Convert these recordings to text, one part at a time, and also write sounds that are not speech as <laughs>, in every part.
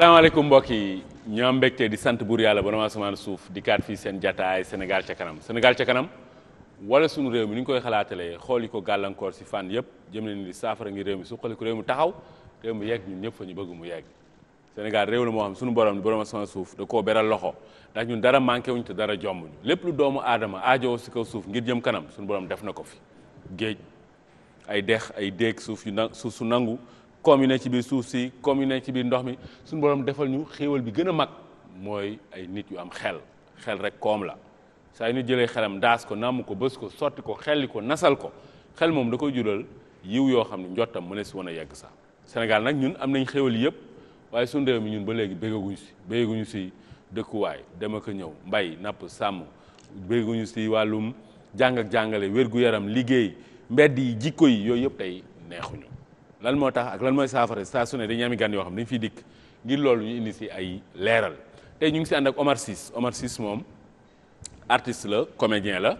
salaamaaleykum mbokk yi ñu am mbégte di sant buur yàlla borom asamaan suuf di kaat fii seen jataay Sénégal ca kanam Sénégal ca kanam wala sunu réew mi ni ñu koy xalaatalee xool yi ko gàllankoor si fànn yëpp jëm leen di saafara ngir réew mi suqali ko réew mi taxaw réew mi yegg ñun ñëpp fa ñu bëgg mu yegg Sénégal réew la moo xam sunu borom borom asamaan suuf da koo beral loxo ndax ñun dara manqué wuñ te dara jomb ñu lépp lu doomu aadama aajoo si kaw suuf ngir jëm kanam sunu borom def na ko fi géej dex ay déeg suuf yu na suuf su nangu koom yi ne ci biir suuf si koom yu ne ci biir ndox mi suñu borom defal ñu xéewal bi gën a mag mooy ay nit yu am xel xel rek koom la saa yu nit jëlee xelam daas ko nàmm ko bës ko sotti ko xelli ko nasal ko xel moom da koy jural yiw yoo xam ne njottam mu ne si wan a yegg sax Sénégal nag ñun am nañ xéewal yëpp waaye suñu réew mi ñun ba léegi béggaguñu si béggaguñu si dëkkuwaay dem ak a ñëw mbay napp sàmm béggaguñu si wàllum jàng ak jàngale wér yaram liggéey mbedd yi jikko yooyu yëpp tey neexuñu lan moo tax ak lan mooy saafara saa su ne dañuy am gan yoo xam dañu fiy dikk ngir loolu ñu indi si ay leeral tey ñu ngi si ànd ak Omar Ciss Omar Ciss moom artist la comédien la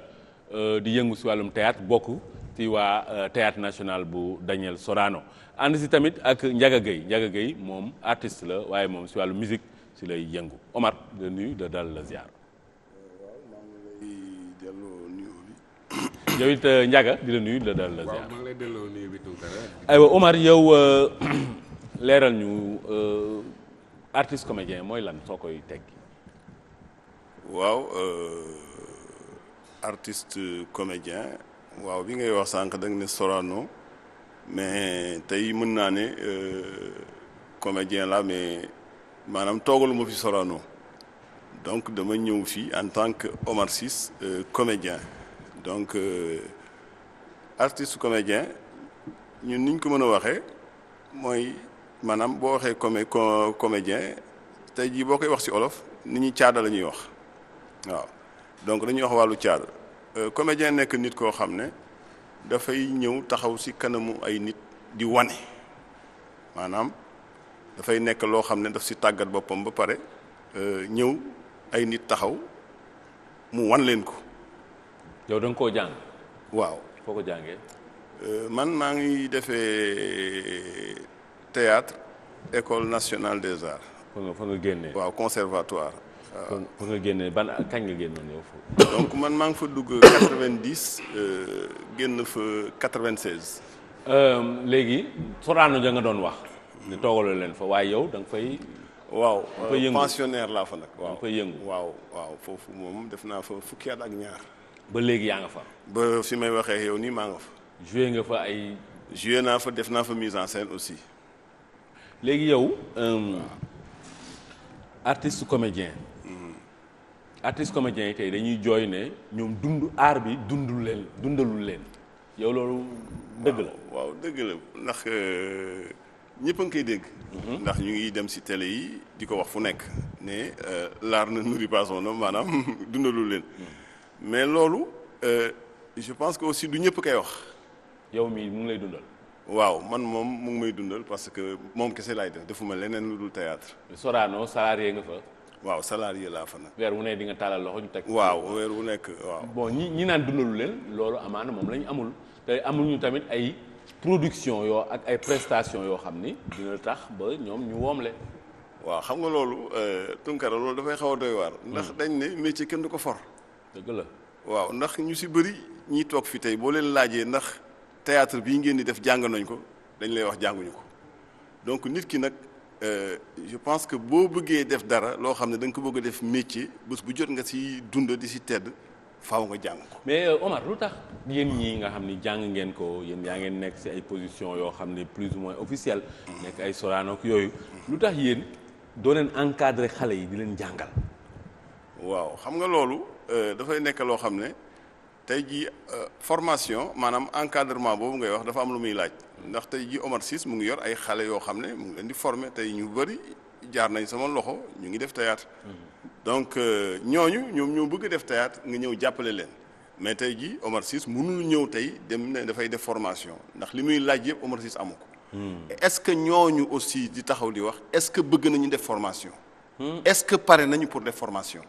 euh, di yëngu si wàllum théâtre bokk ci waa euh, théâtre national bu Daniel soraano ànd si tamit ak Ndiaga Gueye Ndiaga Gueye moom artiste la waaye moom si wàllu musique si lay yëngu Omar de nuyu de dal la ziar. yow it euh, Ndiaga di la nuyu la daal la bi Tounkara. aywa Omar yow euh, <clears throat> leeral ñu euh, artiste comédien mooy lan soo koy teggi. waaw artist comédien waaw bi ngay wax sànq da ne Sorano mais tey mën naa ne comédien la mais maanaam toogalu ma fi Sorano donc dama ñëw fii en tant que Omar Ciss comédien. donc euh, artiste comédien ñun niñ ko mën a waxee mooy maanaam boo waxee comé comédien tey jii boo koy wax ci olof ni ñi caada la ñuy wax waaw donc dañuy wax wàllu caada euh, comédien nekk nit koo xam ne dafay ñëw taxaw si kanamu ay nit di wane maanaam dafay nekk loo xam ne daf si tàggat boppam ba pare euh, ñëw ay nit taxaw mu wan leen ko yow da nga koo jàng. waaw foo ko jàngee. Euh, man maa ngi defee euh, théâtre école nationale des arts. fa nga fa nga génnee. waaw conservatoire. waaw fa nga génnee ban kañ nga génn yow foofu. donc man maa ngi fa dugg 90 euh, génn fa 96. léegi Sorano ja nga doon wax. ne toogaloo leen fa waaye yow da nga fay. waaw pensionnaire laa fa nag. waaw da nga yëngu waaw waaw foofu moom def naa fa fukki at ak ñaar. ba léegi yaa nga fa. ba fi may waxee yow nii maa nga fa. joué nga fa ay. joué naa fa def naa fa mise en scène aussi. léegi yow euh, artiste comédien. Mm-hmm. artiste comédien yi tey dañuy jooy ne ñoom dund aar bi dundul leen dundalul leen yow loolu dëgg la waaw dëgg la ndax euh, ñëpp a ngi koy dégg mm-hmm. ndax ñu ngi dem ci télé yi di ko wax fu nekk ne euh, l'art ne nourrit pas son homme maanaam <laughs> dundalul leen mm. mais loolu euh, je pense que aussi du ñëpp koy wax. yow mii mu ngi lay dundal. waaw man moom mu ngi may dundal parce que moom kese laay def defuma leneen lu dul théâtre. Sorano salarié nga fa. waaw salarié laa fa nag. weer wu ne di nga taalal loxo ñu teg. waaw weer wu nekk waaw. bon ñi ñi naan dundalu leen loolu amaana moom la ñu amul te amul ñu tamit ay production yoo ak ay prestation yoo xam ni dina tax ba ñoom ñu woomle. waaw xam nga loolu euh, Tunkara loolu dafay xaw a doy hmm. ndax dañ ne métier kenn du ko for. dëgg la waaw ndax ñu si bëri ñi toog fi tey boo leen laajee ndax théâtre bii ngeen di def jàng nañ ko dañ lay wax jànguñu ko donc nit ki nag euh, je pense que boo bëggee def dara loo xam ne da ko bëgg a def métier bés bu jot nga si dund di si tedd faw nga jàng ko. mais euh, Omar lu tax yéen ñii nga xam ni jàng ngeen ko yéen yaa ngeen nekk si ay position yoo xam ne plus ou moins officielle. nekk ay Sorano yooyu. lu tax yéen doo leen encadré xale yi di leen jàngal. Euh, dafay nekk loo xam ne tey jii euh, formation maanaam encadrement boobu ngay wax dafa am lu muy laaj ndax tey jii Omar Ciss mu ngi yor ay xale yoo xam ne mu ngi leen di former tey ñu bëri jaar nañ sama loxo ñu ngi def théâtre mm-hmm. donc euh, ñooñu ñoom ñoo bëgg def théâtre nga ñëw jàppale leen mais tey jii Omar mu mënul ñëw tey dem ne dafay def formation ndax li muy laaj yëpp Omar Ciss amu ko mm-hmm. est-ce que ñooñu aussi di taxaw di wax est-ce que bëgg nañu def formation mm-hmm. est-ce que pare nañu pour def formation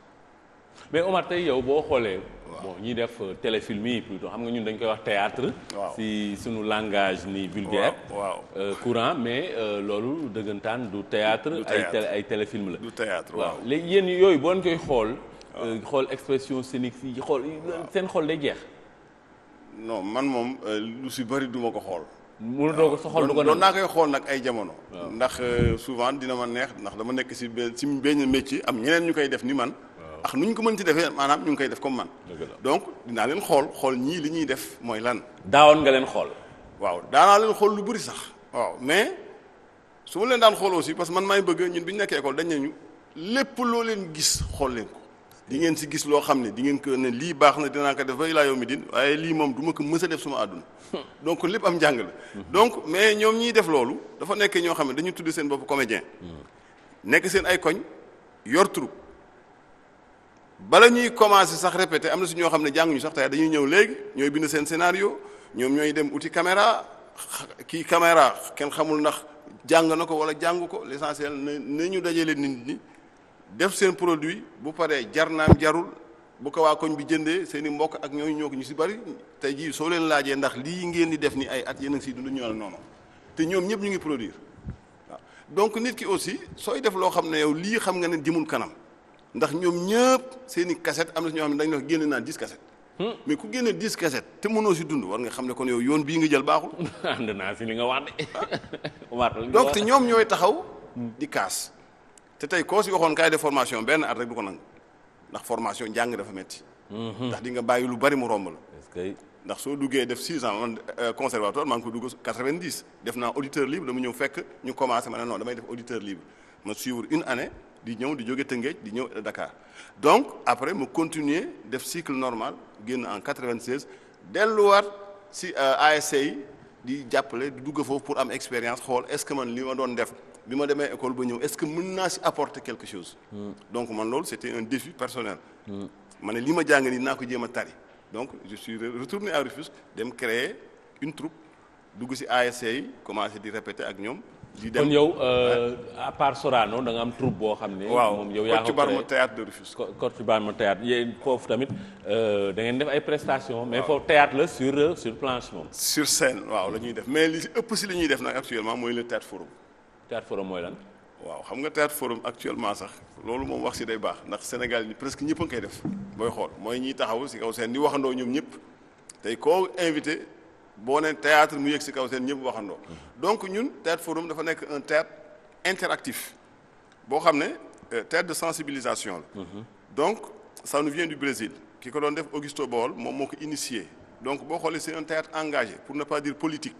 mais Omar tey yow boo xoolee. bon ñuy def euh, téléfilm yi plutôt xam nga ñun dañ koy wax théâtre si suñu langage ni vulgaire waaw euh, courant mais euh, loolu dëggantaan du théâtre ay ay téléfilm la du théâtre waaw léegi yéen yooyu boo leen koy xool xool expression scénique yi xool seen xool day jeex non man moom lu si bëri duma ko xool mënatoo ko sa xool du ko doon naa koy xool nag ay jamono ndax souvent dina ma neex ndax dama nekk si si benn métier am ñeneen ñu koy def ni man ax nu ñu ko mënti defee maanaam ñu ngi koy def comme man donc dinaa leen xool xool ñii li ñuy def mooy lan daawoon nga leen xool waaw daanaa leen xool lu bëri sax waaw mais su ma leen daan xool aussi parce que man maay bëgg ñun bi ñu nekkee école dañ nañu loo leen gis xool leen di ngeen si gis loo xam ne di ngeen ko ne lii baax na dinaa ko def ba ilaa yawmi din waaye lii moom du ma ko mës a def suma àdduna <laughs> donc lépp am njàng la donc mais ñoom ñiy def loolu dafa nekkee ñoo xam ne dañu tudd seen bopp comédien hmm. nekk seen ay koñ yor troupe bala ñuy commencer sax répéter am na si ñoo xam ne jànguñu sax tey dañuy ñëw léegi ñooy bind seen scénario ñoom ñooy dem uti caméra kii caméra kenn xamul ndax jàng na ko wala jàng ko l'essentiel na na ñu dajale nit ñi def seen produit bu paree jar naam jarul bu ko waa koñ bi jëndee seen i mbokk ak ñooñu ñoo ko ñu si bari te jii soo leen laajee ndax lii ngeen di def ni ay at yéen a ngi siy noonu te ñoom ñëpp ñu ngi produire donc nit ki aussi soo def loo xam ne yow lii xam nga ne jëmul kanam. ndax ñoom ñëpp seeni cassette am na si ñoo xam ne dañ ne génne naa dix cassette hmm. mais ku génne dix cassette te mënoo si dund war nga xam ne kon yow yoon bii nga jël baaxul <laughs> ànd naa si li nga wax de ah. <laughs> donc te ñoom ñooy taxaw hmm. di kaas te tey koo si waxoon kaay de formation benn at rek du ko nangu ndax formation njàng dafa metti hmm. ndax di nga bàyyi lu bari mu romb la ndax soo duggee def six ans man euh, conservatoire maa ngi ko dugg quatre-vingt-dix def naa auditeur libre dama ñëw fekk ñu commencé ma ne non damay def auditeur libre ma suivre une année di ñëw di jóge Tëngéej di ñëw Dakar donc après mu continuer def cycle normal génn en 96 delluwaat si euh, ASC yi di jàppale di dugg foofu pour am expérience xool est-ce que man li ma doon def bi ma demee école ba ñëw est-ce que mën naa si apporter quelque chose. Hmm. donc man loolu c'était un défi personnel. Hmm. ma ne li ma jàng nii naa ko jéem a tari donc je suis retourné à Rufisque dem créer une troupe dugg si ASC yi commencé di répéter ak ñoom. di dem kon yow euh, à part Sorano da nga am troupe boo xam ne. moom yow yaa ko Cocubambe théâtre de Rufisque. Cocubambe théâtre yéen foofu tamit euh, da ngeen def ay prestations. mais foofu théâtre la sur euh, sur planche moom. sur waaw la ñuy def mais li ëpp si li ñuy def nag actuellement mooy le théâtre forum. théâtre forum mooy lan. waaw xam nga théâtre forum actuellement sax loolu moom wax si day baax ndax Sénégal ni presque ñëpp a koy def mooy xool mooy ñiy taxaw si kaw seen di waxandoo ñoom ñëpp boo ne théâtre mu yëg si kaw seen ñëpp waxandoo donc ñun Ted Forum dafa nekk un théâtre interactif boo xam ne euh, théâtre de sensibilisation la mhm. donc ça nous vient du Brésil ki ko doon def Augusto Boal moom moo ko initié donc boo xoolee si un théâtre engagé pour ne pas dire politique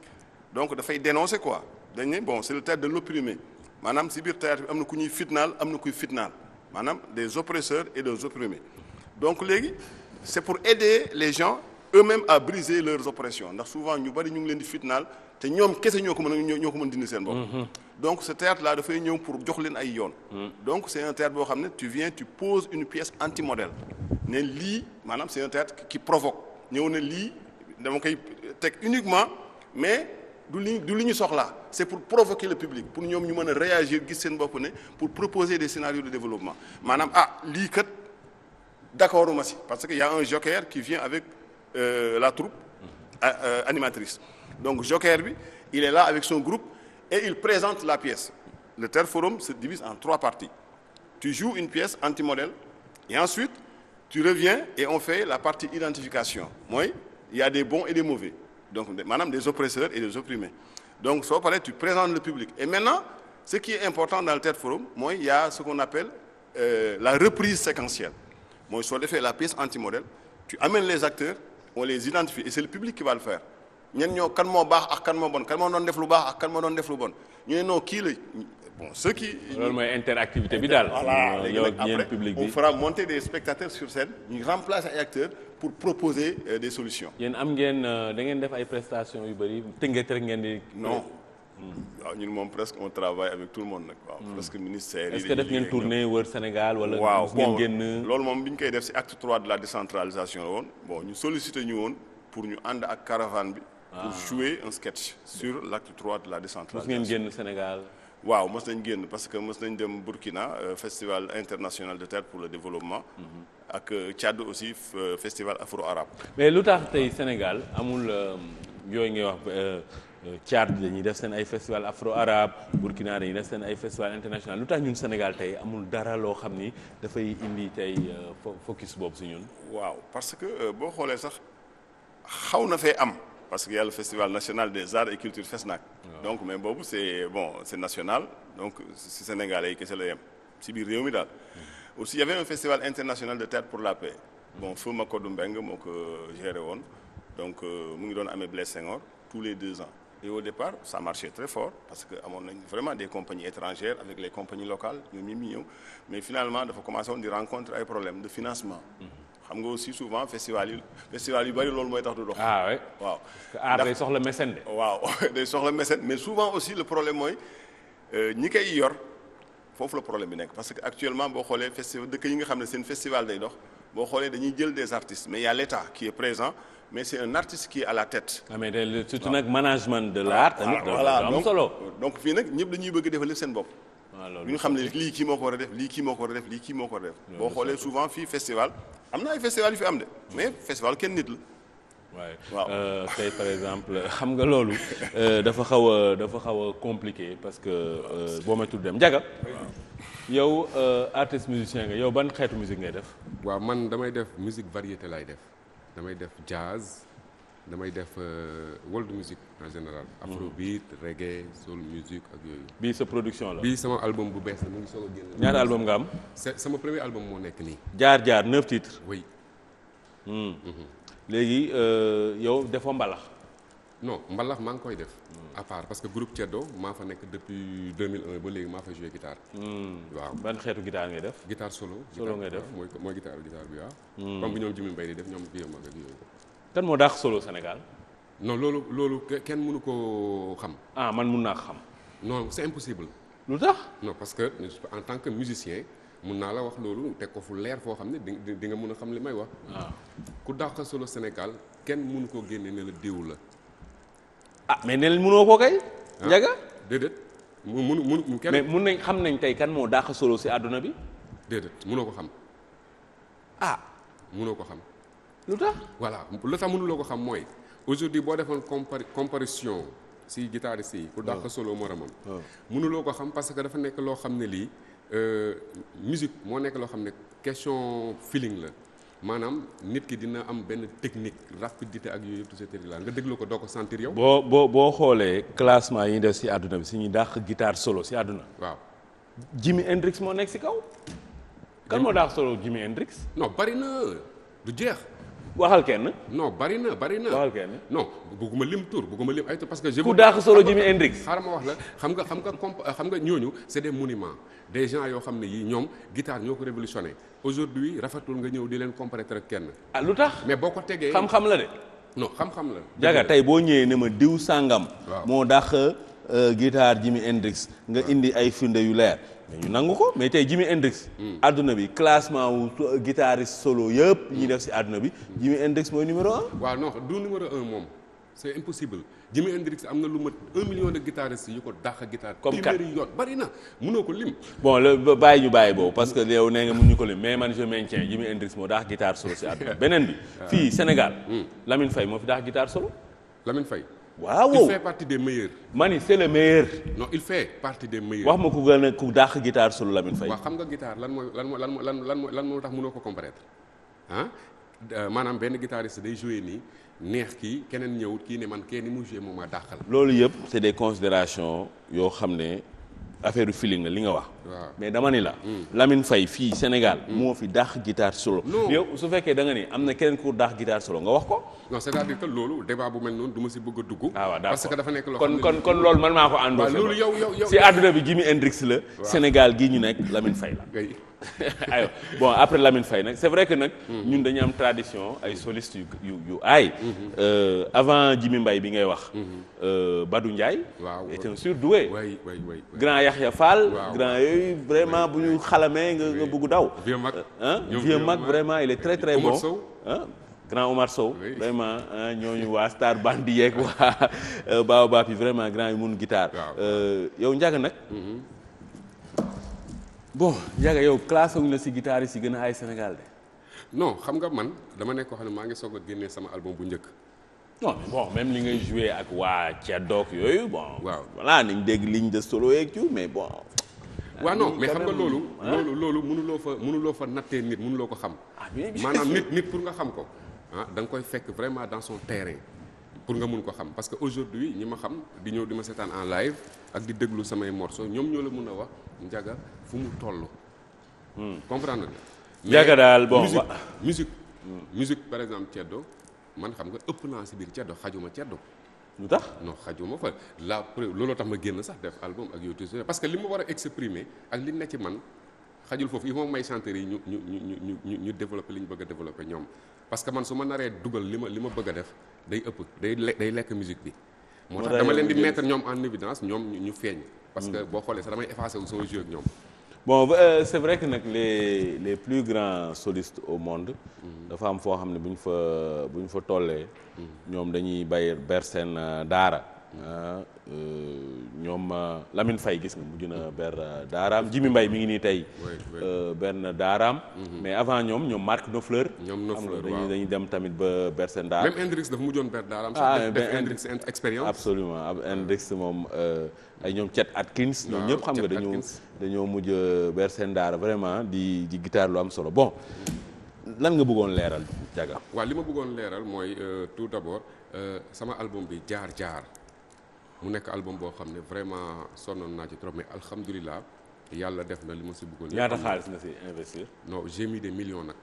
donc dafay dénoncer quoi dañ ne bon c'est le théâtre de l'opprimé maanaam si biir théâtre bi am na ku ñuy fitnaal am na kuy fitnaal maanaam des oppresseurs et des opprimés donc léegi c'est pour aider les gens eux-mêmes à briser leurs oppressions ndax souvent ñu bari ñu ngi leen di fitnaal te ñoom kese ñoo ko mën ñoo ko mën dindi seen bopp. Mm-hmm. donc ce théâtre là dafay ñëw pour jox leen ay yoon. Mm. donc c'est un théâtre boo xam ne tu viens tu poses une pièce anti-modèle ne lii maanaam c'est un théâtre qui provoque ñëw ne lii dama koy teg uniquement mais du li du li ñu soxla c'est pour provoquer le public pour ñoom ñu mën a réagir gis seen bopp ne pour proposer des scénarios de développement maanaam ah, lii kat d'accorduma si parce que y a un joker avec. Euh, la troupe euh, euh, animatrice donc Joker bi il est là avec son groupe et il présente la pièce le TER Forum se divise en trois parties tu joues une pièce anti-modèle et ensuite tu reviens et on fait la partie identification mooy il y a des bons et des mauvais donc maanaam des oppresseurs et des opprimés donc soo paree tu présentes le et maintenant ce qui est important dans le TER Forum mooy il y a ce qu'on appelle euh, la reprise séquentielle mooy soo defee la pièce anti-modèle tu amènes les acteurs on les identifie et c'est le public qui va le faire ñen ñoo kan moo baax ak kan moo bon kan moo doon def lu baax ak kan moo doon def lu bon ñu ne non kii la bon qui. loolu mooy interactivité bi daal. voilà léegi nag après on fera monter des spectateurs sur scène ñu remplacer ay acteurs pour proposer euh, des solutions. yéen am ngeen euh, da ngeen def ay prestations yu bëri tënkee rek ngeen di. non. waaw ñun moom presque on travaille avec tout le monde nag. waaw hmm. presque ministère est-ce que def ngeen tournée wër Sénégal wala. waaw bon loolu moom bi ñu koy def ci acte trois de la décentralisation la woon bon ñu sollicité ñu woon pour ñu ànd ak caravane bi. pour ah. jouer un sketch sur l'acte trois de la décentralisation. mos ngeen génn Sénégal. waaw mos nañ génn parce que mos nañ dem Burkina euh, festival international de terre pour le développement. Hmm. ak euh, Tchad aussi euh, festival afro-arabe. mais lu tax tey Sénégal amul yooyu ngay wax. Euh, Tchad dañuy def seen ay festival afro arabe Burkina dañuy def seen ay festival international lu tax ñun Sénégal tey amul dara loo xam ni dafay indi tey euh, focus boobu si ñun. waaw parce que euh, boo xoolee sax xaw na fee am. parce que yàlla festival national des arts et culture FESNAC. waaw donc mais boobu c' est bon est national donc si Sénégalais yi kese la yem si biir réew mi daal. Hmm. aussi y' avait un festival international de théâtre pour la paix. ma feu Makodou Mbengue moo ko géré woon donc mu ngi doon amee Blaise Senghor tous les deux ans. Et au départ, ça marchait très fort parce que amoon nañ vraiment des compagnies étrangères avec les compagnies locales ñoom ñi ñëw mais finalement dafa commencé di rencontre ay problèmes de financement. Mm-hmm. xam nga aussi souvent festival yi festival yu bëri loolu mooy tax du dox. ah oui waaw. art day soxla mécène de. waaw <laughs> day soxla mécène mais souvent aussi le problème mooy euh, ñi koy yor foofu la problème bi nekk parce que actuellement boo xoolee festival dëkk yi nga xam ne seen festival day dox boo xoolee dañuy jël des artistes mais y a mais c'est un artiste qui à la tête. ah mais de surtout nag management de l'art. tamit ah, am solo donc fii nag ñëpp dañuy bëgg defal lépp seen bopp. Ah, ñu xam ne lii kii moo ko war a def lii kii moo ko war a def lii kii boo xoolee souvent fii festival am na ay festival yu fi am de mais festival kenn nit la. waaye waaw euh, tey par exemple <laughs> xam nga loolu euh, dafa xaw a dafa xaw a compliqué parce que euh, boo ma tudd dem Ndiaga yow artiste musicien nga yow ban xeetu musique ngay def waaw man damay def musique variété lay def damay def jazz damay def euh, world music en général. Mm-hmm. afrobeat reggae soul music ak yooyu. bii sa production la. bii sama album bu bees la mu ngi soog a génn. ñaata album nga am. sama premier album moo nekk nii. jaar jaar neuf titres. oui. Mm. Mm-hmm. léegi euh, yow defoo mbalax. non mbalax maa ngi koy def. Hmm. à part parce que groupe Ceddo maa fa nekk depuis 2001 ba léegi maa fa joué guitare. Hmm. waaw ban xeetu guitare ngay def. guitare solo. solo ngay def mooy mooy guitare guitare bi waaw. Hmm. comme bi ñoom Jimi Mbaye di def ñoom Guillaume Magal yooyu. kan moo daax solo Sénégal. non loolu loolu kenn mënu koo xam. ah man mun naa xam. non c'est impossible. lu tax non parce que en tant que musicien. mun naa la wax loolu teg ko fu leer foo xam ne di nga mën a xam li may wax. Ah. ku dàq solo Sénégal kenn mënu koo génne ne la diw la. ah mais ne leen ko kay. Ah, njaga déedéet mu mu mu mu kenn. mun nañ xam nañ tey kan moo dàq solo si àdduna bi. déedéet munoo ko xam. ah mënoo ko xam. lu tax voilà lu tax mënuloo ko xam mooy aujourd'hui boo defoon compari comparaison si guitariste yi. pour dàq ah. solo moromam. Ah. mënuloo ko xam parce que dafa nekk loo xam ne lii euh, musique moo nekk loo xam ne question feeling la. maanaam nit ki dina am benn technique rapidité ak yooyu yëpp tout ce là nga déglu ko doo ko sentir yow. boo boo boo xoolee classement yi ñu def si àdduna bi si ñuy dàq guitare solo si àdduna. waaw Jimi Hendrix moo nekk si kaw. kan moo dàq solo Jimi Hendrix. non bari na du jeex. waxal kenn. non bari na bari na. waxal kenn non bëgguma lim tur bëgguma lim ay tur parce que. je ku daax solo Jimi Hendrix. xaaral ma wax la xam nga xam nga comp xam nga ñooñu c'est des monuments des gens yoo xam ne yii ñoom guitare ñoo ko révolutionné aujourd'hui rafetul nga ñëw di leen comparaître ak kenn. ah lu tax mais boo ko tegee. xam-xam la de. non xam-xam la. jaga tey boo ñëwee ne ma diw sàngam. waaw moo daax euh, guitare Jimi Hendrix nga indi ay firnde yu leer. ñu nangu ko mais tey Jimi Hendrix àdduna hmm. bi classement wu guitariste solo yëpp ñuy def si àdduna bi hmm. Jimi Hendrix mooy numéro un waaw non du numéro un moom c'est impossible Jimi Hendrix am na lu mat un million de guitaristes yu ko dàq guitare comme kat téeméeri yoon bari na mënoo ko lim bon le bàyyi ñu bàyyi boobu parce que yow nee nga mun ñu ko lim mais man je maintiens Jimi Hendrix moo dàq guitare solo si àdduna <laughs> beneen bi fii ah. Sénégal hmm. Lamine Faye moo fi dàq guitare solo Lamine Faye waaw il fait partie des meilleurs. ma ni c'est le meilleur. non il fait partie de meilleurs. wax ma ku gën a ku dàq guitare solo Lamine Faye. waaw xam nga guitare lan mooy lan mooy lan mooy lan mooy lan moo tax mënoo ko comprendre ah maanaam benn guitariste day joué nii neex kii keneen ñëwut kii ne man kenn ni mu joué moom a dàqal. loolu yëpp c'est des considérations yoo xam ne. affaire du feeling la li nga wax. mais dama ni la. Hmm. lamin fay fii Sénégal. Hmm. moo fi daax guitare solo. yow su fekkee da nga ni am na keneen ku daax guitare solo nga wax ko. loolu débat bu mel noonu du si bëgg dugg. ah waaw que dafa nekk loo kon kon kon loolu man maa ko àndoo. waaw loolu yow yow si àdduna bi Jimi Hendrix la. Sénégal gii ñu nekk lamin fay la. <laughs> aywa bon après Lamine fay nag c'est vrai que nag. ñun dañu am tradition ay solistes yu yu yu euh, avant Jimi mbay bi ngay wax. Euh, badu Ndiaye. waaw était un surdoué. waay waay waay grand yooyu vraiment bu ñu xalamee nga nga bëgg daw. vieux mag euh, mag vraiment il est très très bon. grand Omar Sow vraiment ñooñu waa Star Band yeeg waa <laughs> Baobab yi vraiment grand yi mun guitare. yow Ndiaga nag. bon Ndiaga yow classé wuñ la si guitariste yi gën a ay Sénégal non xam nga man dama nekk koo ne maa ngi soog a génnee sama album bu njëkk. non mais même li ngay joué ak waa Ceddoog yooyu bon. waaw voilà nañ dégg ligne de solo yeeg mais bon. waaw non ah, mais xam nga loolu. loolu mënuloo fa mënuloo fa nattee nit mënuloo ko xam. Ah, maanaam nit nit nga xam ko. ah da koy fekk vraiment dans son terrain. pour nga mun ko xam parce que aujourd'hui ñi ma xam di ñëw di ma seetaan en live ak di déglu samay morceaux ñoom ñoo la mun a wax Ndiaga fu mu toll. Hmm. comprendre nga. jaga daal bon musique hmm. musique. par exemple ceddo man xam nga ëpp naa si biir ceddo xajuma ceddo. lu tax non xajuma fa la preuve looloo tax ma génn sax def album ak yow parce que li ma war a exprimer ak li ne ci man xajul foofu yi faut may chanteur yi ñu ñu ñu ñu ñu développer li ñu bëgg a ñoom. parce que man su ma naree dugal li ma li ma bëgg def day ëpp day day lekk musique bi. moo tax dama leen di mettre ñoom en évidence ñoom ñu feeñ. parce que hmm. boo xoolee sa damay wu sama jeu ak bon euh, c'est vrai que nag les les plus grands solistes au monde. Mhm. dafa am foo xam ne bu ñu fa bu ñu fa tollee. Mhm. ñoom dañuy bay ber seen euh, daara. Ah, euh, ñoom euh, lamin fay gis nga mujj na ber euh, daaraam Jimi mbay mi ngi nii tey. benn daaraam. Mhm. mais avant ñoom ñoom Marc Nofleur. ñoom Nofleur waaw dañuy dem tamit ba ber seen daar. même Hendrix dafa mujjoon ber daaraam. ah def def Hendrix ab ah. Hendrix moom ay ñoom Chet Atkins. ñoom ñëpp xam nga dañoo dañoo mujj ber vraiment di di am solo bon. lan nga bëggoon leeral Diaga. waa li ma bëggoon leeral mooy tout d'abord sama album bi jaar jaar. mu nekk album boo xam ne vraiment sonnoon naa ci trop mais alhamdulilah yàlla def na li ma si bëggoon. ñaata xaalis nga si investir. non j'ai mis des millions nag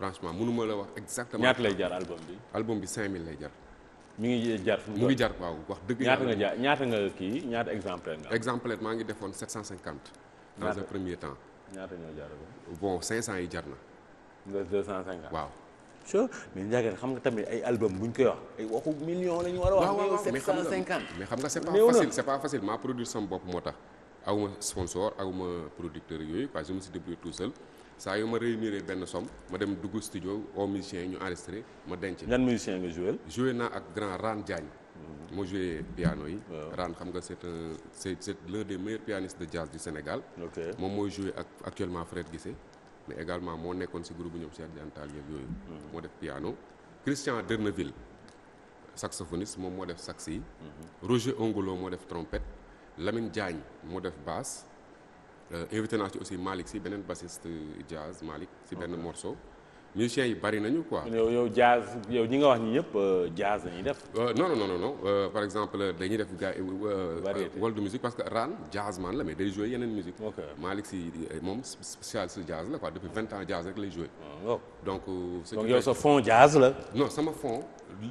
la wax exactement. ñaata lay jar album bi. album bi 5000 lay jar. mi ngi jar fu mu jar waaw wax dëgg. ñaata nga jaar ñaata nga kii ñaata exemplaire nga. exemplaire maa ngi defoon 750. premier temps. ñaata ñoo jar bon 500 yi jar na. nga 250 waaw. sure mais Ndiaga xam nga tamit ay album bu ñu koy wax ay waxu million la ñu war a wax. waaw waaw mais xam mais xam nga c'est facile c'est pas facile bopp moo tax. awma sponsor awma producteur yooyu quoi je me suis débrouillé tout seul saa yu ma réunir benn somme ma dem dugg studio au musicien yi ñu enregistré ma denc. ñan musicien nga joué. joué naa ak grand Ran Diagne. Mhm. moo joué piano yi. Ran xam nga c'est un c'est c'est l'un des meilleurs pianistes de jazz du Sénégal. ok moom mooy joué ak actuellement Fred Guissé. mais également moo nekkoon si groupe bu ñoom Cheikh Diane Tall yooyu. moo def piano. Christian Derneville saxophoniste moom moo def sax yi. Roger Ongolo moo def trompette. Lamine Diagne moo def basse. Euh, invité naa aussi Malick si beneen bassiste jazz Malick si benn morso musiciens yi bari nañu quoi. yow yow jazz yow ñi nga wax ñi ñëpp euh, jazz nañuy def. Euh, non non non non euh, par exemple dañuy def gars variété world music parce que Ran jazz man la mais day joué yeneen musique Malick si moom spécial si jazz la quoi depuis vingt ans jazz rek lay joué. Ah, donc. donc yow sa fond jazz la. non sama fond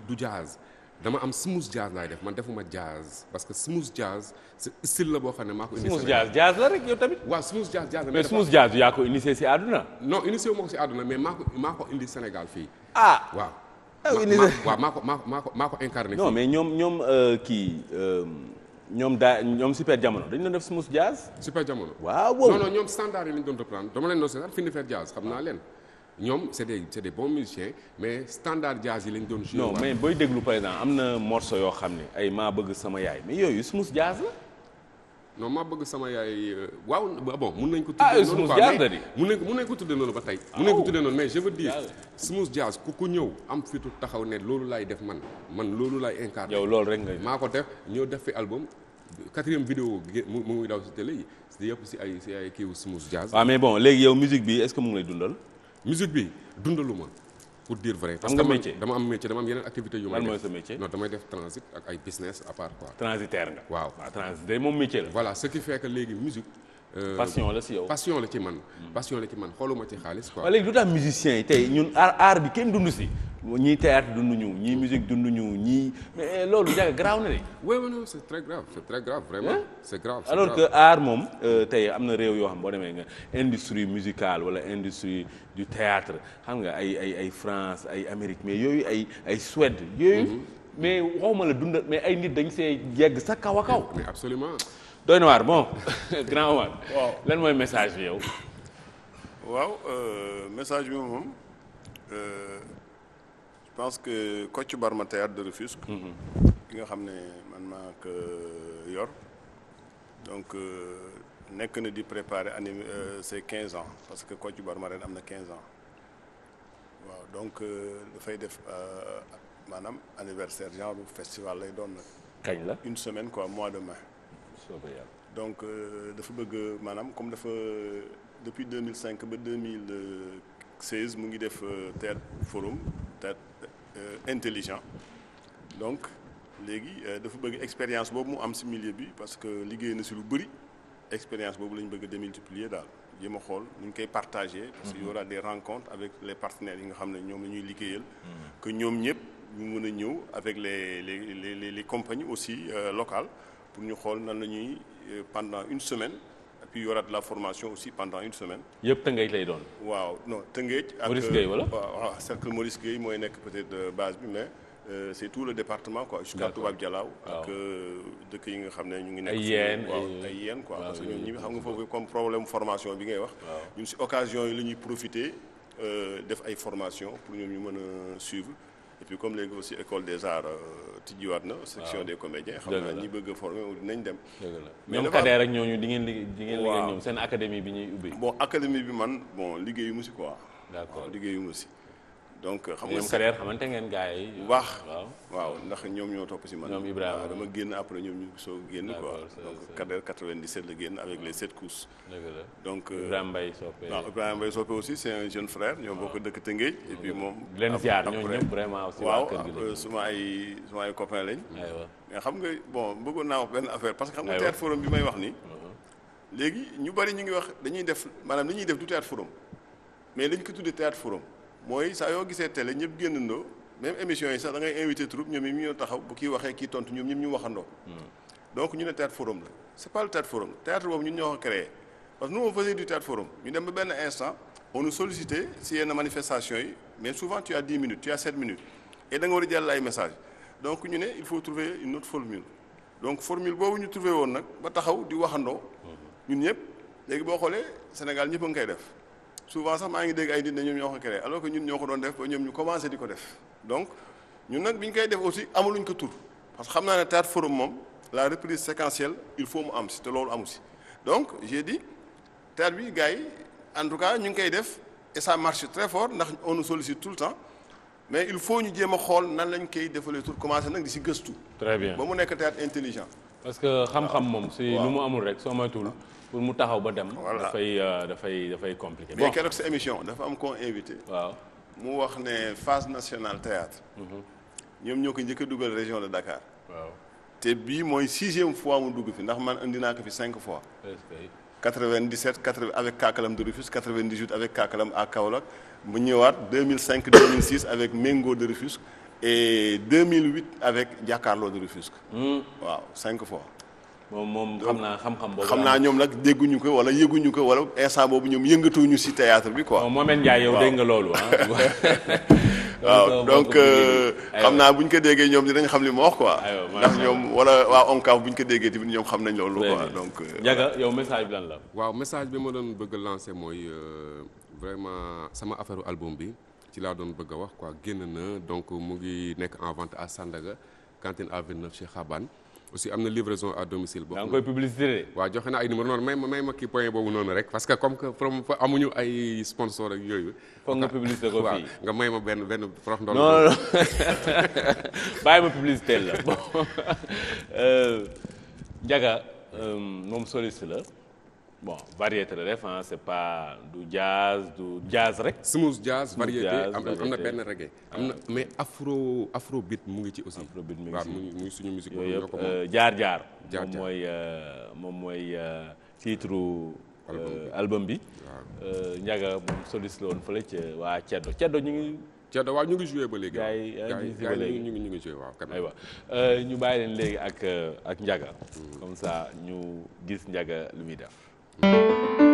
du jazz. dama am smooth jazz laay def man defuma jazz parce que smooth jazz style la boo xam ne maa ko. initié smooth jazz jazz la rek yow tamit. waaw smooth jazz jazz la mais yaa ko initié si àdduna. non initié maa ko indi Sénégal fii. ah waaw. Ah, waaw maa ko maa ko maa mais ñoom ñoom euh, kii euh, ñoom daa ñoom super jamono dañu doon def smooth jazz. super jamono waaw. non non ñoom standard yi lañu doon reprendre dama leen doon seetaan fi mu jazz xam naa leen. ñoom c' est des c' est des mais standard jazz yi lañ doon joué. non mais booy déglu par exemple am na morceau yoo xam ne ay maa bëgg sama yaay mais yooyu smooth jazz la. non maa bëgg sama yaay euh, waaw bon mun nañ ko ah, tuddee noonu quoi mun nañ mun nañ ko tuddee noonu ba tey mun nañ ko ah, tuddee noonu mais je veux dire smooth jazz ku ku ñëw am fitu taxaw ne loolu laay def man man loolu laay incarné yow loolu rek ngay maa ko def ñëw def fi album quatrième vidéo mu ngi daw si télé yi yëpp si ay si ay kiiwu smooth jazz waaw mais ce que mu ngi musique bi dundalu ma pour dire vrai. parce que dama am métier dama am yeneen activité yu may def lan mooy sa métier non damay def transit ak ay business à part quoi. transitaire nga. waaw waaw ah, transit day moom métier la. voilà ce qui fait que léegi musique Euh, passion la si yow passion la ci man. Hmm. passion la ci man xooluma ci xaalis quoi. waaw lu tax musiciens yi tey ñun aar aar bi kenn dund si ñii théâtre dund ñu ñii musique dund ñu ñii mais loolu jaga grave na de. oui non alors que aar moom euh, tey am na réew yoo xam boo demee nga industrie musicale wala industrie du théâtre xam nga ay ay ay France ay Amérique mais yooyu ay ay Suède. yooyu mm-hmm. mais waxuma la dundal mais ay nit dañ see yegg sa kaw a kaw. mais doy na waar bon <laughs> grand Omar. waaw lan mooy message bi yow. waaw euh, message bi moom euh, je pense que Kocc Barma Théâtre de Rufisque. Mhm. ki nga xam ne man maa ko euh, yor donc nekk na di préparer année c'est quinze ans parce que Kocc Barma ren am na quinze ans waaw donc dafay def maanaam anniversaire genre festival lay doon nag. kañ la une semaine quoi mois de mai. soobee yàlla donc euh, dafa bëgg maanaam comme dafa depuis 2005 ba 2016 mu ngi def euh, TED forum TED euh, intelligent donc léegi dafa bëgg expérience boobu mu am ci milieu bi parce que liggéey na si lu bëri expérience boobu la ñu bëgg a démultiplier daal jéem a xool nu ñu koy partager. Mm-hmm. parce que y aura des rencontres avec les partenaires yi nga xam ne ñoom la ñuy liggéeyal. Mm-hmm. que ñoom ñëpp ñu mën a ñëw avec les les les les compagnies aussi locales. pour ñu xool nan la ñuy euh, pendant une semaine et puis la formation aussi pendant une semaine. yëpp Tëngéej lay doon. waaw non Tëngéej. ak Maurice Gueye wala euh, waaw cercle Maurice Gueye mooy nekk peut-être euh, base bi mais. Euh, c'est tout le département quoi jusqu'à Toubab Dialaw ak dëkk yi nga xam ne ñu ngi nekk waaw ay yéen quoi parce que ñun xam nga foofu comme problème formation bi ngay wax ñun si occasion yi la ñuy profiter def ay formation pour ñoom ñu mën a suivre puis comme léegi aussi école des arts euh, tijjiwaat na. section des comédiens. xam naa ñi bëgg a former dinañ dem. mais ñoom Kader ak ñooñu dingeen ngeen liggéey di ngeen liggéey ñoom seen académie bi ñuy ubbi. bon académie bi man bon liggéeyuma si quoi. d'accord liggéeyu si. donc euh, xam nga carrière xamante ngeen gars yi bu waaw ndax ñoom ñoo topp si man ñoom Ibrahima dama génn après ñoom ñu soo génn quoi donc carrière 97 la génn avec les 7 courses donc euh, Ibrahima Mbaye Sopé waaw aussi c' un jeune frère ñoo bokk ah. dëkk Tëngéej et puis moom leen ziar ñoo vraiment aussi waaw suma ay suma ay lañ mais xam nga bon bëggoon naa wax benn affaire parce que xam nga théâtre forum bi may wax ni uh-huh. léegi ñu bari ñu ngi wax dañuy def maanaam li ñuy def du théâtre forum mais lañ ko tudd théâtre forum mooy sax yoo gisee télé ñëpp génnandoo même émission yi sax da ngay invité troupe ñoom ñi ñoo taxaw bu kii waxee kii tontu ñoom ñëpp ñu waxandoo. Hmm. donc ñu ne théâtre forum la c'est pas le théâtre forum théâtre boobu ñun ñu dem ba benn instant on nous sollicitait si yenn manifestation yi mais souvent tu as 10 minutes tu as 7 minutes et da nga war a jàll ay message donc ñu ne il faut trouver une autre formule donc formule boobu ñu trouvé woon nag ba taxaw di waxandoo hmm. ñun ñëpp léegi boo xoolee Sénégal ñëpp a ngi def souvent sax maa ngi dégg ay nit ne ñoom ñoo ko créé alors que ñun ñoo ko doon def ba ñoom ñu commencé di ko def donc ñu nag bi ñu koy def aussi amuluñ ko tur parce que xam naa ne théâtre forum moom la reprise séquentielle il faut mu am si te loolu amu si donc j'ai dit théâtre bi gars yi en tout cas ñu ngi koy def et ça marche très fort ndax on nous sollicite tout le temps mais il faut ñu jéem a xool nan lañ koy defalee tour commencé nag di si gëstu. très ba mu nekk théâtre intelligent. parce que xam-xam moom si lu mu amul rek soo moytuwul pour mu taxaw ba dem. voilà dafay euh, dafay dafay compliqué. bon mais keroog sa émission dafa am koo invité. waaw mu wax ne phase nationale théâtre mhm. ñoom ñoo ko njëkk a région de Dakar. waaw te bii mooy sixième fois mu dugg fi ndax man indi naa ko fi cinq fois. 97 80 avec Kaakalam de Rufisque 98 avec Kaakalam à Kaolack mu ñëwaat 2005 2006 avec Mengo de Rufisque et 2008 avec Jakaarlo de Rufisque. Hmm. waaw cinq fois. moom moom xam naa xam-xam boobu xam naa ñoom nag dégguñu ko wala yëguñu ko wala instant boobu ñoom yëngatuñu ci théâtre bi quoi. waaw Mohamed Ndiaye yow dégg nga loolu ah. <laughs> waaw donc euh, xam naa bu ko déggee ñoom dinañ xam li ma wax quoi. wala waa ONCAV bu ñu ko déggee tamit ñoom xam nañ loolu. quoi donc. Euh, Ndiaga yow message bi lan waaw message bi ma doon bëgg lancer mooy euh, vraiment sama affaire album bi. ci laa doon bëgg a wax quoi génn na donc mu ngi nekk en vente à Sandaga cantine à 29 chez Xabane aussi am na livraison à domicile. boo xam ne da na ay numéro noonu may ma may ma kii point boobu noonu rek parce que comme que from amuñu ay sponsor ak yooyu. foog nga publicité ko <laughs> fii nga may ma benn benn prox ndool. non non <laughs> bàyyi publicité la bon <laughs> euh, Ndiaga euh, moom soliste la. bon variété la def c'est pas du jazz du jazz rek. smooth jazz variété am na benn reggae. am na ah. mais afro afrobeat mu ngi ci aussi. afrobeat mu ngi ci waaw mu ngi suñu musique yooyu yëpp euh, jaar jaar. jaar moom mooy euh, moom mooy euh, titre. album bi waaw Ndiaga moom soliste la woon fële ca waa Ceddo Ceddo ñu ngi. Ceddo waaw ñu ngi joué ba léegi. gars yi ñu ngi ñu ngi joué waaw. aywa ñu bàyyi leen léegi ak ak Ndiaga. Mm. comme ça ñu gis Ndiaga lu muy def. Música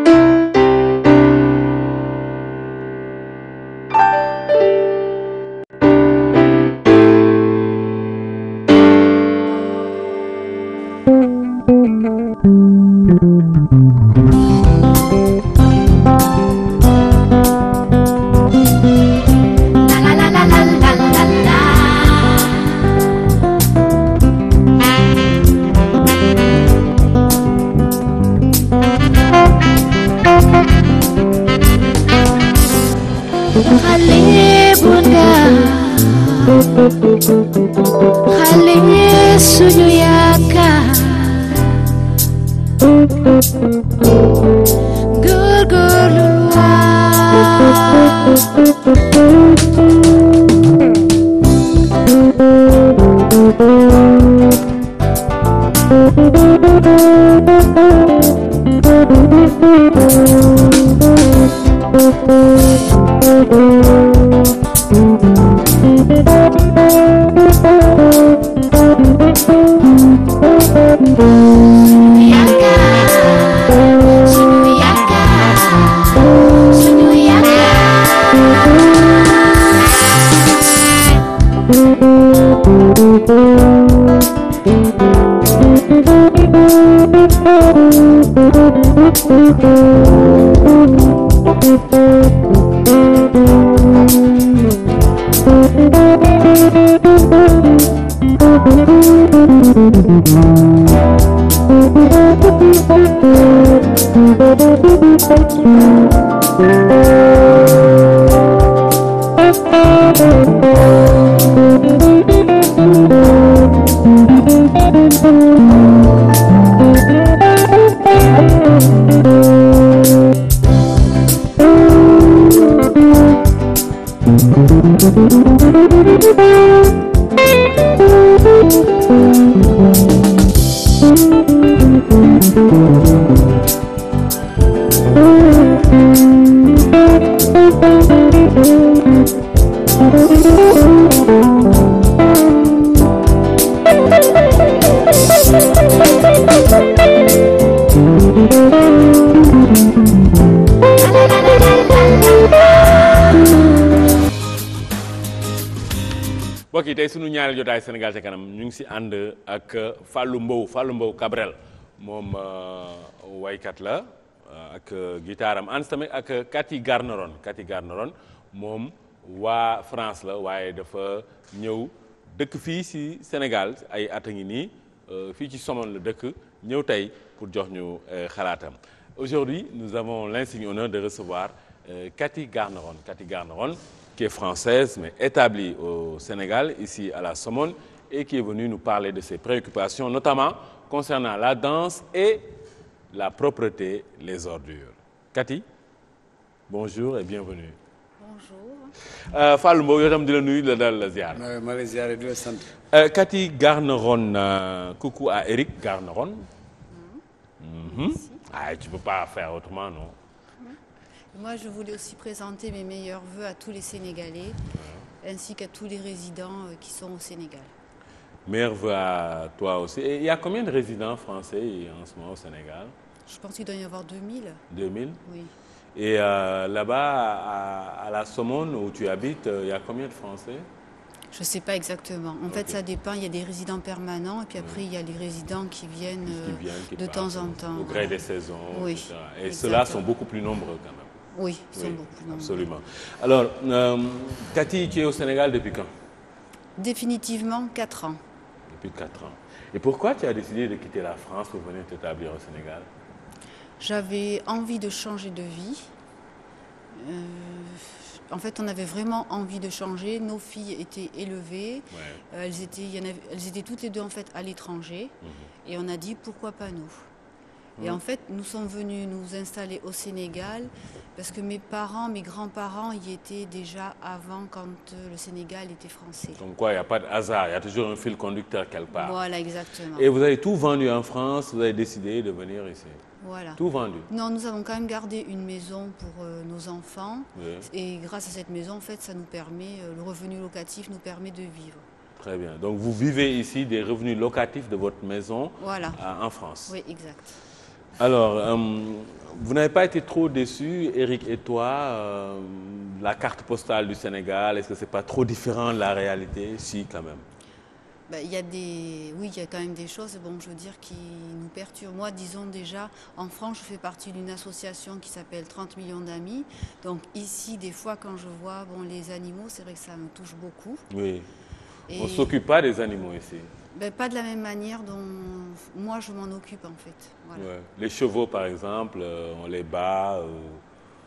Sénégal ca kanam ñu ngi si ànd ak fàllu Mbow fàllu Mbow Cabrel moom euh, waykat la euh, ak euh, gitaaram ànd tamit ak Cathy Garneron Cathy Garneron moom waa France la waaye dafa ñëw dëkk fii si Sénégal ay at a ngi nii fii ci Somone la dëkk ñëw tey pour jox ñu xalaatam aujourd'hui nous avons l'insigne honneur de recevoir Cathy Garneron Cathy Garneron qui est française, mais établie au Sénégal, ici à la Somone, et qui est venue nous parler de ses préoccupations, notamment concernant la danse et la propreté, les ordures. Cathy, bonjour et bienvenue. Bonjour. Euh, euh, Garneron, euh, coucou à Eric Garneron. Mm. Mm-hmm. Ah, tu peux pas faire autrement, non? Moi, je voulais aussi présenter mes meilleurs voeux à tous les Sénégalais, voilà. ainsi qu'à tous les résidents euh, qui sont au Sénégal. Meilleurs voeux à toi aussi. il y a combien de résidents français en Sénégal Je pense qu'il doit y avoir 2000. 2000 Oui. Et euh, la Somone, euh, a combien de Français je ne sais pas exactement. En okay. fait, ça dépend. Il y a des résidents permanents et puis après, oui. il y a les résidents qui viennent, de temps en temps. Au gré des saisons. Et ceux sont beaucoup plus nombreux Oui, ils sont oui, beaucoup. Non. Absolument. Alors, euh, Cathy, tu es au Sénégal depuis quand Définitivement 4 ans. Depuis 4 ans. Et pourquoi tu as décidé de quitter la France pour venir t'établir au Sénégal J'avais envie de changer de vie. Euh, en fait, on avait vraiment envie de changer. Nos filles étaient élevées. Ouais. Euh, elles, étaient, y en avait, elles étaient toutes les deux en fait à l'étranger. Mmh. Et on a dit pourquoi pas nous Et en fait, nous sommes venus nous installer au Sénégal parce que mes parents, mes grands-parents y étaient déjà avant quand euh, le Sénégal était français. Comme quoi, il n'y a pas de hasard, il y a toujours un fil conducteur quelque part. Voilà, exactement. Et vous avez tout vendu en France, vous avez décidé de venir ici. Voilà. Tout vendu. Non, nous avons quand même gardé une maison pour euh, nos enfants. Oui. Et grâce à cette maison, en fait, ça nous permet, euh, le revenu locatif nous permet de vivre. Très bien. Donc vous vivez ici des revenus locatifs de votre maison voilà. à, euh, en France. Oui, exact. Alors, euh, vous n'avez pas été trop déçu, Eric et toi, euh, la carte postale du Sénégal, est-ce que c'est pas trop différent de la réalité Si, quand même. Ben, y a des... Oui, il y a quand même des choses, bon, je veux dire, qui nous perturbent. Moi, disons déjà, en France, je fais partie d'une association qui s'appelle 30 millions d'amis. Donc ici, des fois, quand je vois bon, les animaux, c'est vrai que ça me touche beaucoup. Oui. Et... On ne s'occupe pas des animaux ici. ben, Pas de la même manière dont moi je m'en occupe en fait. Voilà. Ouais. Les chevaux par exemple, euh, on les bat euh.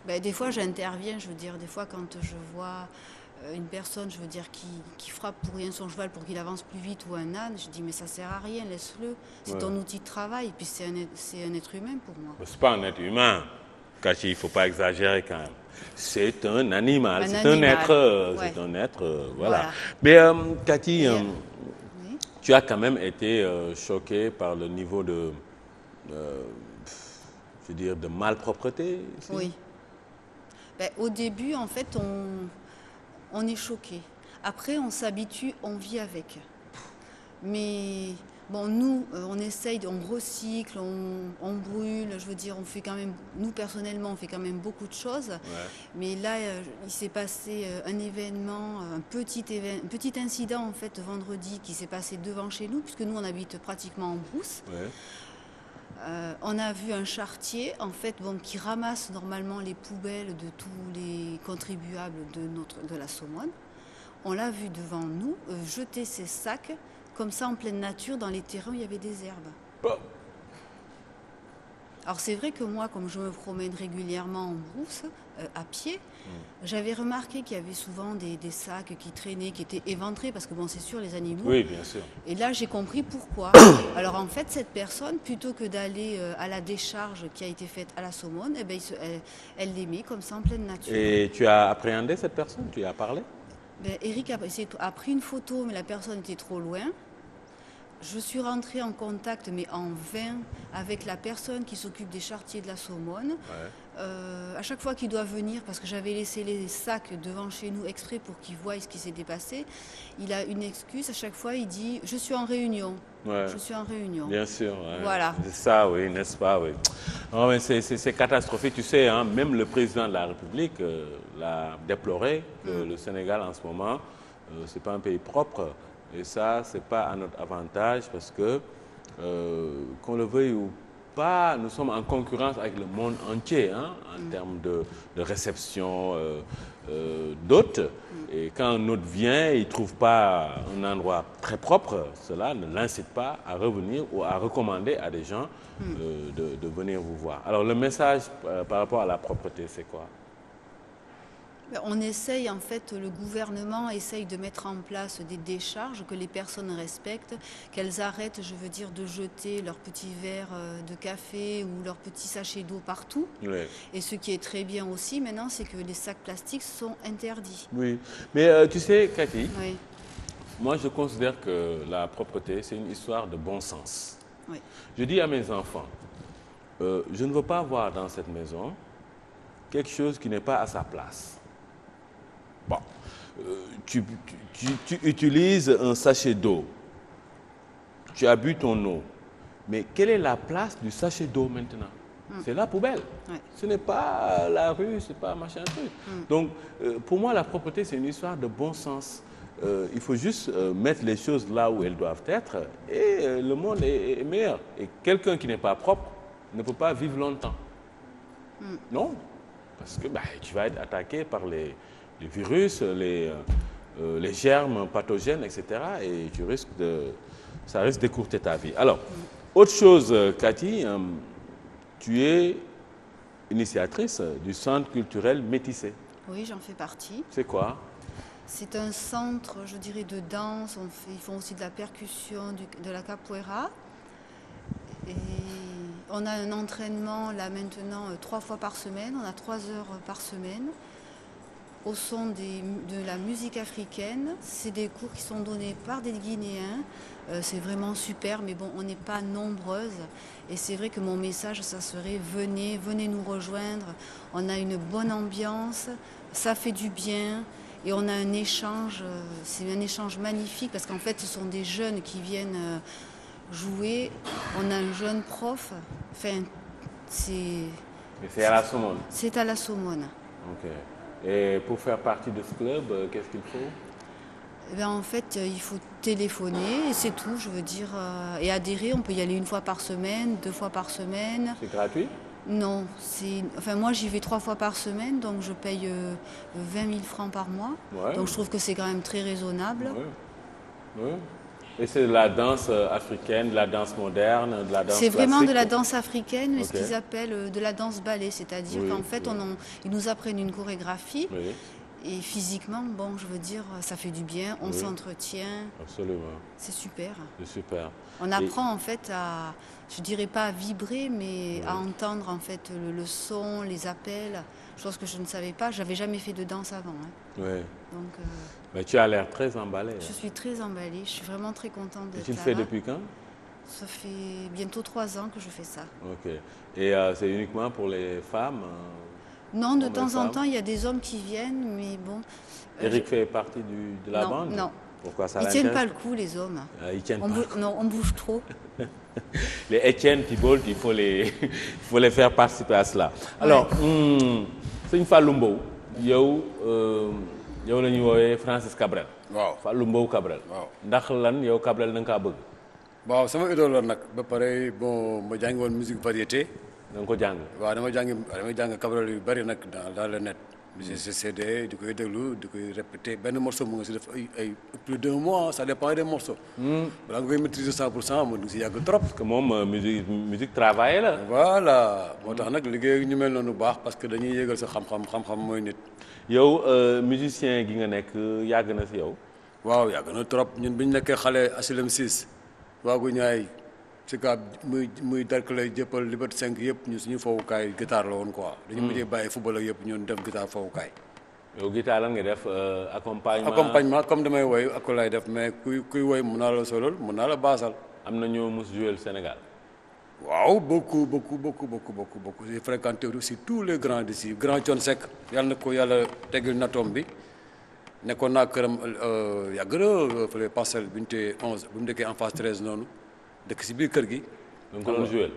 ben, Des fois j'interviens, je veux dire, des fois quand je vois euh, une personne, je veux dire, qui, qui frappe pour rien son cheval pour qu'il avance plus vite ou un âne, je dis mais ça sert à rien, laisse-le. C'est ouais. ton outil de travail, et puis c'est un, un, être humain pour moi. C'est pas un être humain, Kachi, il faut pas exagérer quand même. C'est un animal, c'est un être, ouais. c'est un être, euh, voilà. voilà. Mais euh, Cathy, euh, tu as quand même été euh, choqué par le niveau de, euh, je veux dire, de malpropreté ici. Oui. Ben, au début, en fait, on, on est choqué. Après, on s'habitue, on vit avec. Mais Bon, nous, euh, on essaye, on recycle, on, on, brûle, je veux dire, on fait quand même, beaucoup de choses. Mais euh, il s'est passé euh, un événement, un petit, incident vendredi qui s'est passé devant chez nous, puisque nous, on habite pratiquement en brousse. on a vu un chartier en fait, qui ramasse normalement les poubelles de tous les contribuables de, la Saumone. On l'a vu devant nous jeter ses sacs comme ça en pleine nature, dans les terrains, il y avait des herbes. Oh. Alors c'est vrai que moi, comme je me promène régulièrement en brousse, euh, à pied, mmh. j'avais remarqué qu'il y avait souvent des, des, sacs qui traînaient, qui étaient éventrés, parce que bon, c'est sûr, les animaux. Oui, bien sûr. Et là, j'ai compris pourquoi. <coughs> Alors en fait, cette personne, plutôt que d'aller euh, à la décharge qui a été faite à la Saumone, eh ben, elle, elle les met comme ça en pleine nature. Et tu as appréhendé cette personne Tu as parlé ben, Eric a, a, pris une photo, mais la personne était trop loin. Je suis rentrée en contact, mais en vain, avec la personne qui s'occupe des chartiers de la Saumone. Ouais. Euh, à chaque fois qu'il doit venir, parce que j'avais laissé les sacs devant chez nous exprès pour qu'il voie ce qui s'était passé, il a une excuse. À chaque fois, il dit Je suis en réunion. Ouais. Je suis en réunion. Bien sûr. Ouais. Voilà. C'est ça, oui, n'est-ce pas oui. Non, mais c'est, catastrophique. Tu sais, hein, même le président de la République euh, l'a déploré que mmh. le Sénégal, en ce moment, euh, c'est pas un pays propre. Et ça, ce n'est pas à notre avantage parce que, euh, qu'on le veuille ou pas, nous sommes en concurrence avec le monde entier hein, en mm. termes de, de réception euh, euh, d'hôtes. Mm. Et quand un hôte vient, il ne trouve pas un endroit très propre, cela ne l'incite pas à revenir ou à recommander à des gens mm. Euh, de, de, venir vous voir. Alors le message euh, par rapport à la propreté, c'est quoi On essaye, en fait, le gouvernement essaye de mettre en place des décharges que les personnes respectent, qu'elles arrêtent, je veux dire, de jeter leurs petits verres euh, de café ou leurs petits sachets d'eau partout. Ouais. Et ce qui est très bien aussi maintenant, c'est que les sacs plastiques sont interdits. Oui, mais euh, tu sais, Cathy, oui. moi je considère que la propreté, c'est une histoire de bon sens. Oui. Je dis à mes enfants, euh, je ne veux pas voir dans cette maison quelque chose qui n'est pas à sa place. Bon, euh, tu, tu, tu, utilises un sachet d'eau, tu as bu ton eau, mais quelle est la place du sachet d'eau maintenant hmm. c'est la poubelle. Ouais. Ce n'est pas la rue, ce n'est pas machin truc. Mm. Donc, euh, pour moi, la propreté, c'est une histoire de bon sens. Euh, il faut juste euh, mettre les choses là où elles doivent être et euh, le monde est, est meilleur. Et quelqu'un qui n'est pas propre ne peut pas vivre longtemps. Mm. Non Parce que bah, tu vas être attaqué par les, les virus, les, euh, euh les germes pathogènes, etc. Et tu risques de, ça risque d'écourter ta vie. Alors, autre chose, euh, Cathy, euh, tu es initiatrice du Centre culturel métissé. Oui, j'en fais partie. C'est quoi C'est un centre, je dirais, de danse. On fait, ils font aussi de la percussion, du, de la capoeira. Et on a un entraînement, là maintenant, trois fois par semaine. On a trois heures par semaine. au son des, de la musique africaine. C'est des cours qui sont donnés par des Guinéens. Euh, c'est vraiment super, mais bon, on n'est pas nombreuses. Et c'est vrai que mon message, ça serait venez, venez nous rejoindre. On a une bonne ambiance, ça fait du bien. Et on a un échange, euh, c'est un échange magnifique parce qu'en fait, ce sont des jeunes qui viennent euh, jouer. On a un jeune prof, enfin, c'est. C'est à la Saumone. C'est à la Saumone. Okay. Et pour faire partie de ce club, euh, qu'est-ce qu'il faut eh ben en fait, euh, il faut téléphoner et c'est tout, je veux dire. Euh, et adhérer, on peut y aller une fois par semaine, deux fois par semaine. C'est gratuit Non. Enfin, moi, j'y vais trois fois par semaine, donc je paye 20 000 francs par mois. Ouais. Donc je trouve que c'est quand même très raisonnable. Ouais. Ouais. Et c'est de la danse euh, africaine, de la danse moderne, de la danse C'est vraiment de la danse africaine, mais okay. ce qu'ils appellent euh, de la danse ballet, c'est-à-dire oui, qu'en fait, oui. on en, ils nous apprennent une chorégraphie. Oui. Et physiquement, bon, je veux dire, ça fait du bien, on s'entretient. Absolument. C'est super. C'est super. On apprend Et... en fait à, je dirais pas à vibrer, mais à entendre en fait le, le son, les appels. chose que je ne savais pas. J'avais jamais fait de danse avant. Hein. Oui. Donc, euh, Mais tu as l'air très emballée. Je hein. suis très emballée. Je suis vraiment très contente d'être là. Tu le fais depuis quand Ça fait bientôt trois ans que je fais ça. Ok. Et euh, c'est uniquement pour les femmes non, de temps en temps, il y a des hommes qui viennent, mais bon. Euh, Eric je... fait partie du, de la non, bande Non. Pourquoi ça Ils tiennent pas le coup, les hommes. Ah, ils tiennent on pas. Bouge, non, on bouge trop. <laughs> <laughs> les Étienne Thibault il faut les il faut les faire participer alors sëñ hmm, fàllu Mbow yow euh, yow la ñuy woowee Francis Cabrel waaw Fallou Mbow Cabrel waaw ndax lan yow Cabrel da nga kaa bëgg waaw sama idole la nag ba pare bon ma jàngi woon musique variété da ko jàng waaw dama jàngi dama jàng Cabrel yu bëri nag dans dans CD di koy déglu di koy répété benn morceau mu nga si def ay ay plus d'un mois ça dépend des morceaux. Hmm. balaa nga koy maîtriser cent pour cent moom euh, musique musique travail la. voilà moo tax nag liggéey ñu mel noonu baax parce que dañuy yëgal sa xam-xam xam-xam mooy nit. yow euh, musicien gi nga nekk yàgg na si yow. waaw yàgg na trop ñun bi ñu nekkee xale HLM 6 waagu ñaay. Sicap muy muy Derklé jëppal Liberté 5 yëpp ñu suñu fowukaay guitare la woon quoi. dañu hmm. mujjee bàyyi football ak yëpp ñun def guitare fowukaay. yow guitare la nga def euh, accompagnement accompagnement comme damay woy ak lay def mais kuy kuy woy mun naa la solol mun naa la baasal. am na ñoo mus jouer Sénégal. waaw beaucoup beaucoup bokku bokku beaucoup beaucoup j'ai fréquenté aussi tous les grands d'ici grand Thione Seck na ko yàlla tegul natoom bi nekkoon naa këram euh, yàgg na fële ñu tee 11 bu mu dëkkee en phase 13 noonu. dëkk si biir kër gi. da nga ko doon joué.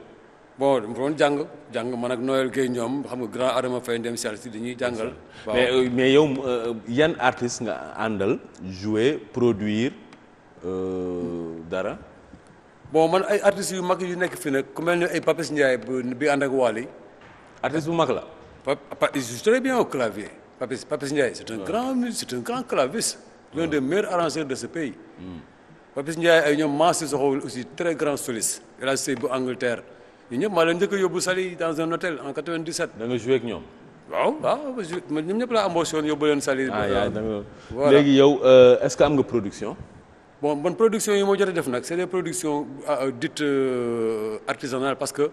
bon dama doon jàng jàng man ak Noël Guèye ñoom xam nga grand Adama Faye Ndem Seck si dañuy jàngal. mais euh, mais yow euh, yan artiste nga àndal jouer produire euh, dara. bon man ay artistes yu mag yu nekk fi nag ku mel ni ay Papis Ndiaye bi ànd ak Wally. artiste bu mag la. Pap il joue très bien au clavier Papis Papis Ndiaye. c'est un grand c'est un grand claviste. l'un de ce pays. Hmm. Papis Ndiaye ay ñoom Mansour Sokhowul aussi très grand soliste El Hadj Sey bu Angleterre ñu ñëpp maa leen njëkk a yóbbu Saly dans un hôtel en 97. da nga joué ak ñoom. waaw waaw man ñoom ñëpp laa embauché woon yóbbu leen Saly. ah yaa voilà léegi yow euh, est production. bon man production yi moo jot def nag c'est des productions euh, euh, parce que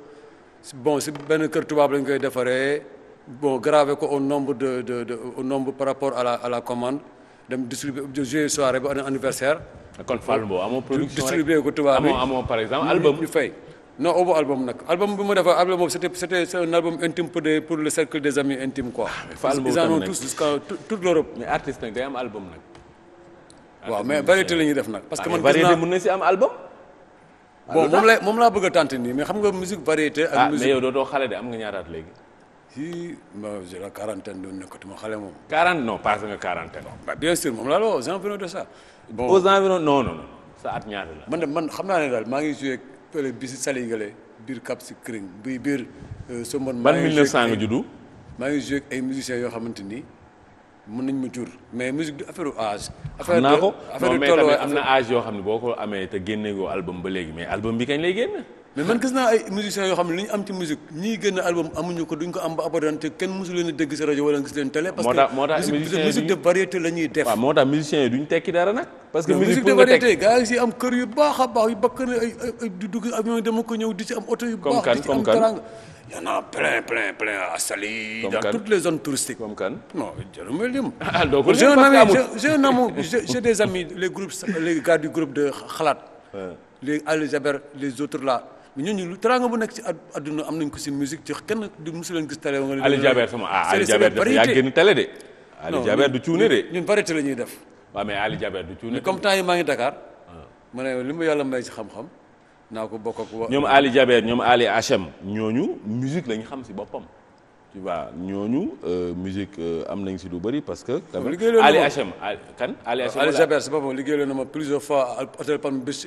bon si benn kër lañ koy defaree bon gravé ko au nombre de de de nombre par rapport à la à la commande dem distribué joué soirée anniversaire. kon Fallou Mbow amoo production distribué ko tubaab bi amoo par exemple album ñu fay non obo album nag album bi ma defa album boobu c'était c'était un album intime pour le cercle des amis intimes quoi. Ah, Fallou Mbow tam nag tous jusqu'à toute l'Europe. mais artiste nag day am album nag. waaw mais variété la ñuy def nag. parce que ah, man gis naa mën na si am album. bon moom lay moom laa bëgg a tenter nii mais xam nga musique variété. ak musique ah mais yow dootoo xale de am nga ñaaraat léegi. fii ma j'ai la quarantaine doon nekkatuma xale moom. quarante non passé nga quarantaine. waaw bien sûr moom laa la wax aux environs de ça. bon aux environs non non non sa at ñaata la. man de man xam naa ne daal maa ngi joué pële bi si Salingale biir Cap Skirring bi biir. Euh, Sombone maa ngi joué ban 1900 nga juddu. maa ngi joué ay musiciens yoo xamante ni mën nañ ma jur mais musique du affaire âge. affaire de affaire de tolluwaay am na âge yoo xam ne boo ko amee te génne goo album ba léegi mais album bi kañ lay génn. mais man gis naa ay musiciens yoo xam ne li ñu am ci musique ñiy génn album amuñu ko duñ ko am ba abadan kenn mosu leen a dégg si rajo wala nga leen télé. parce que musique de variété la def. moo tax musiciens yi duñ tekki dara nag. parce que musique de variété gars yi am kër yu baax a baax yu bakk ne ay ay du dugg avion dama ko ñëw di ci am oto yu baax di ci am teraanga y en a plein plein plein dans toutes les zones touristiques. comme kan non jarumel lim. <laughs> Ah, ñooñu lu teraanga bu nekk ci àdduna am nañ ko ci musique ci kenn du mosu leen gis télé. nga Aliou Jaber sama ah Aliou de. Aliou du cuune de. ñun variété la ñuy def. waaw mais Aliou Jaber du cuune. comme temps yi maa ngi Dakar. Ah. ma ne li mu yàlla may si xam-xam naa ko bokk ak. wa ñoom Aliou ñoom Aliou HM ñooñu musique la ñu xam si boppam. tu vois ñooñu euh, musique euh, am nañu ci lu bari parce que. tamit Ali HM kan Ali HM. Ali Jaber ci boppam liggéeyaloon na ma plusieurs fois hôtel Palme Beach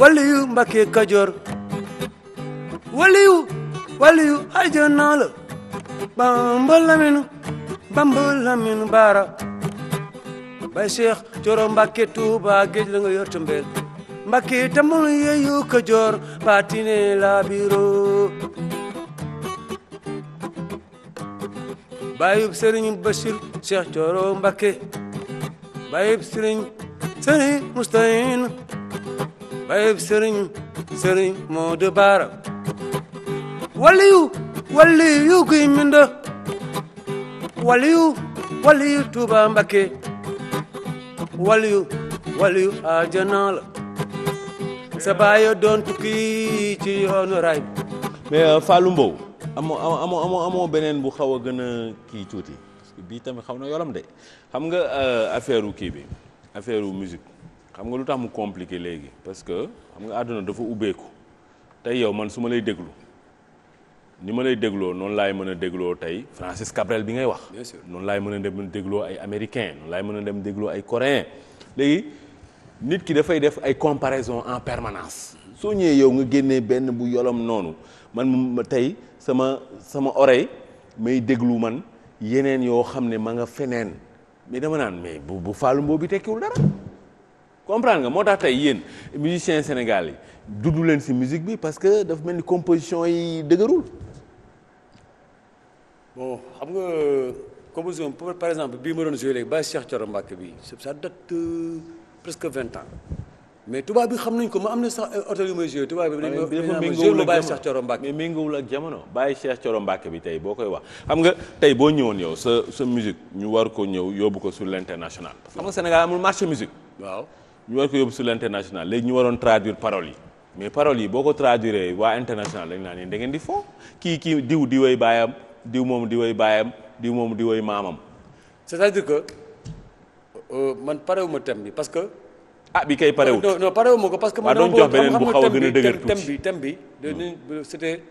waliyu Mbàkke Kajoor waliyu waliyu aja naa la Bamba Lamine Bamba Lamine Baara bay Cheikh Coro Mbàkke Tuuba géej la nga yor te mbeel Mbàkke tamul yeeyu Kajoor patine la biro bayub Sëriñ Bachir Cheikh Coro Mbàkke bayub Sëriñ Sëriñ Mustahin bayib sëriñ sëriñ moo de baara waliyu waliyu guy minda waliyu waliyu tuuba mbakke waliyu waliyu ajana la sa baayo doon tukki ci yoonu mais euh, Fallou Mbow amoo amoo beneen bu xaw a gën a kii tuuti parce que bii tamit xaw na yolam de xam nga euh, affaire kii bi affaire musique xam nga lu tax mu compliqué léegi parce que xam nga àdduna dafa ubbeeku tey yow man su ma lay déglu ni ma lay dégloo noonu laay mën a dégloo tey Francis Cabrel bi ngay wax. noonu laay mën a dem dégloo ay américain laay mën a dem dégloo ay coréen léegi nit ki dafay def ay comparaison en permanence. soo ñëwee yow nga génnee benn bu yolom noonu man ma tey sama sama oreille may déglu man yeneen yoo xam ne ma nga feneen mais dama naan mais bu bu Fallou Mbow bi tekkiwul dara. comprendre nga moo tax tey yéen musiciens Sénégal yi dudd leen ci musique bi parce que dafa mel ni composition yi dëgërul. bon xam nga composition par exemple bii ma doon joué léegi Baye Cheikh Thioro Mbacke bi ça date presque vingt ans mais tubaab xam nañ ko ma am na sax hôtel yu may joué tubaab bi dafa méngoowul ak Baye Cheikh Thioro Mbacke mais méngoowul ak jamono Baye Cheikh Thioro Mbacke bi tey boo koy wax xam nga tey boo ñëwoon yow sa sa musique ñu war ko ñëw yóbbu ko sur l' international parce que xam nga Sénégal amul marché musique ñu war ko yóbbu sur l' international léegi ñu waroon traduire paroles yi mais paroles yi boo ko traduire waa international dañ naa yéen da ngeen di fo kii kii diw di way baayam diw moom di baayam diw moom di way maamam. c' est à dire que euh, man parewuma thème bi parce que. ah bi kay parewut non parewuma ko parce que. Ah, ma doon jox beneen bu xaw a gën a dëgër tuuti thème bi bi hmm. c' était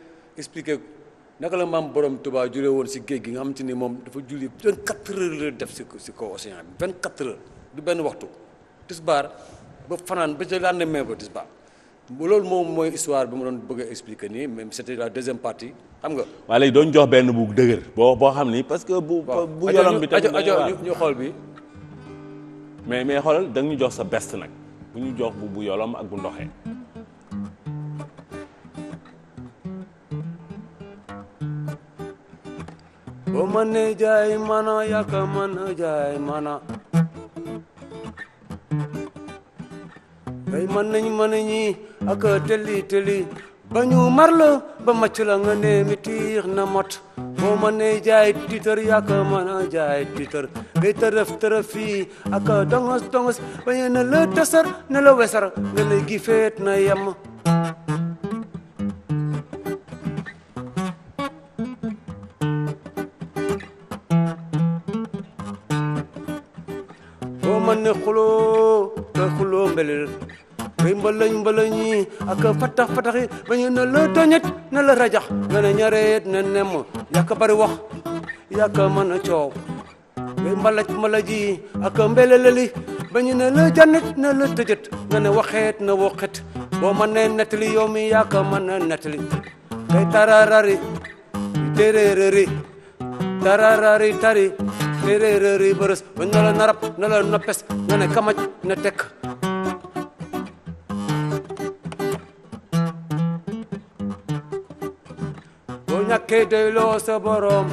naka la maam borom Tuubaa jure woon si géej gi nga xam te ni moom dafa julli 24 heures la def si si kaw océan bi 24 heures du benn waxtu. tisbaar ba fanaan ba ca lendemain ba tisbaar loolu moom mooy histoire bi ma doon bëgg a expliquer nii même c'était la deuxième partie xam nga. waaw léegi doon jox benn bu dëgër. boo boo xam ni parce que bu. bu yorom bi tamit ñu da ñu jox sa best nag bu ñu jox bu bu yolom ak bu ndoxee. o man ne jaay mana yàkka man jaay mana. ngay mën nañ mën ñi ak tëli tëli ba ñu mar la ba màcc la nga ne na mot boo mën ne jaay tiitër yàq mën a jaay tiitër ngay tërëf tërëf fii ak dongos dongos ba ñu ne la tasar ne la wesar nga ne gi feet na yem boo mën ne xuloo nga xuloo mbelil muy mbalañ mbalañi ak fatax fataxi ba ñu ne la toñet ne la rajax ne la ñareet ne nemm bari wax yàkk mën a coow muy mbalaj mbalaji ak mbeleleli ba ñu la jannet ne la tëjët nga ne waxeet na waxet boo mën ne nettali yow mi yàkk mën a nettali tey tararari téréerëri tararari tari téréerëri bërës ba ñu ne la narab ne la noppes nga ne kamaj ne tekk ñàkkee doyloo sa borom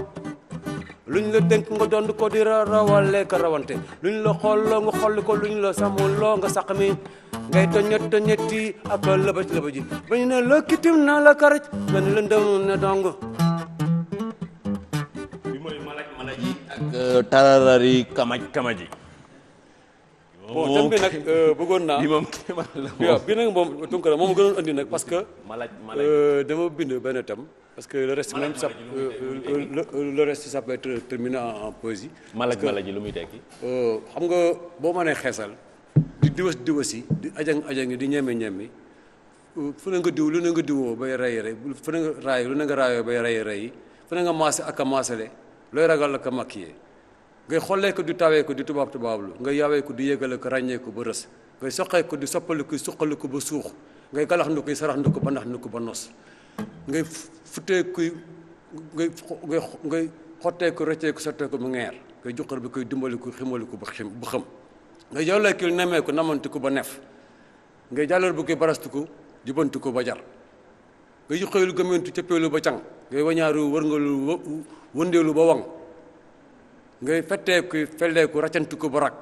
luñ la dénk nga dond ko di rawale ka rawante luñ la xolloo nga xolli ko luñ la sàmmuloo nga sax mi ngay toñet toñetti ak lëbëj lëbëj ba ñu ne la kitim na la karaj nga ne lëndëm ne dong bi mooy malaj malaj yi ak euh, tararari kamaj kamaj yi bon bi nag euh, bëggoon naa <laughs> bi nag moom Tunkara moom gënoon andi nag parce que malaj malaj euh, dama bind benn thème parce que le reste même ça euh, euh, le reste ça peut être terminé en poésie. malaj malaj lu muy tekki. Euh, xam nga boo mënee xeesal di diwas diwasi di ajang ajangi di ñeme ñeme fu ne nga diw lu ne nga diwoo bay rey rey fu ne nga raay lu ne nga nga maase ak a maasale looy ragal la ko maquillé ngay xollee ko di tawee ko di tubaab tubaablu ngay yawee ko di yëgale ko ràññee ko ba rës ngay soqee ko di soppali ko suqali ko ba suux ngay galax ndu ko sarax ndu ko ba nax ko ba nos. ngay futteeku ko ngay ngay xotteeku rëcceeku sotteeku mu ngeer ngay juqar bi koy dimbaliku ximaliku ba xim bu xam ngay jollekil nemeeku namantiku ba nef ngay jàllal bu ko barastiku ko ba jar ngay yuqeelu gëmmentu cëppeelu ba cang ngay wañaaru wërngalu wëndeelu ba waŋ ngay fetteeku felleeku ko ba rak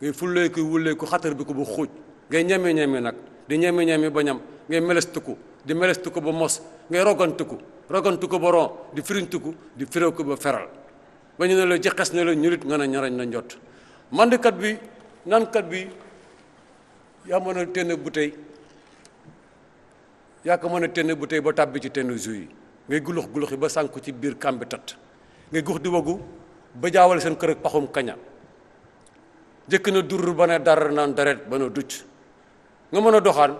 ngay fulleeku wulleeku xatar bi ko bu xuuj ngay ñeme ñeme nag di ñeme ñeme ba ñam ngay melestiku di ko ba mos ngay rogantuku rogantuku ba ron di firintuku di ko ba feral ba ñu ne la jaxas ne la ñulit nga ne ñarañ na njot mandikat bi naankat bi yaa mën a tenn bouteille yaa ko mën a tenn bouteille ba tàbbi ci tenn jus yi ngay gulux guluxi ba sànku ci biir kàmbi tat ngay gux di wagu ba jaawale seen kër ak paxum kaña jëkk na dur ba ne dara naan daret ba na ducc nga mën a doxaan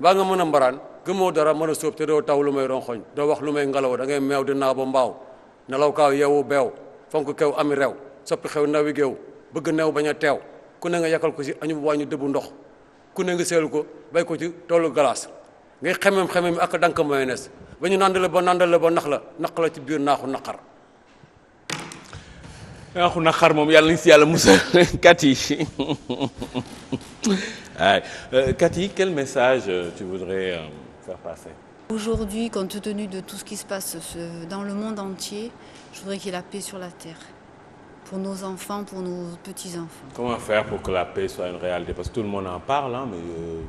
baa nga mën a mbaraan gëmoo dara mën a sóob te doo taw lu may ronxoñ doo wax lu may ngelaw da ngay meew di naa ba mbaaw nelaw kaaw yeewu beew fonk kew am rew soppi xew yi géew bëgg new bañ a teew ku ne nga yakal ko ci añu wàññu dëbbu ndox ku ne nga seelu ko bay ko ci toolu glace ngay xemem xemem ak dank mayonnaise ba ñu nàndale ba nàndale ba nax la nax la ci biir naaxu naqar naaxu naqar moom yàlla nañ si yàlla musal kat yi kat yi quel message euh, tu voudrais euh, faire passer. Aujourd'hui, compte tenu de tout ce qui se passe dans le monde entier, je voudrais qu'il y ait paix sur la terre. Pour nos enfants, pour nos petits-enfants. Comment faire pour que la paix soit une réalité Parce que tout le monde en parle, mais euh,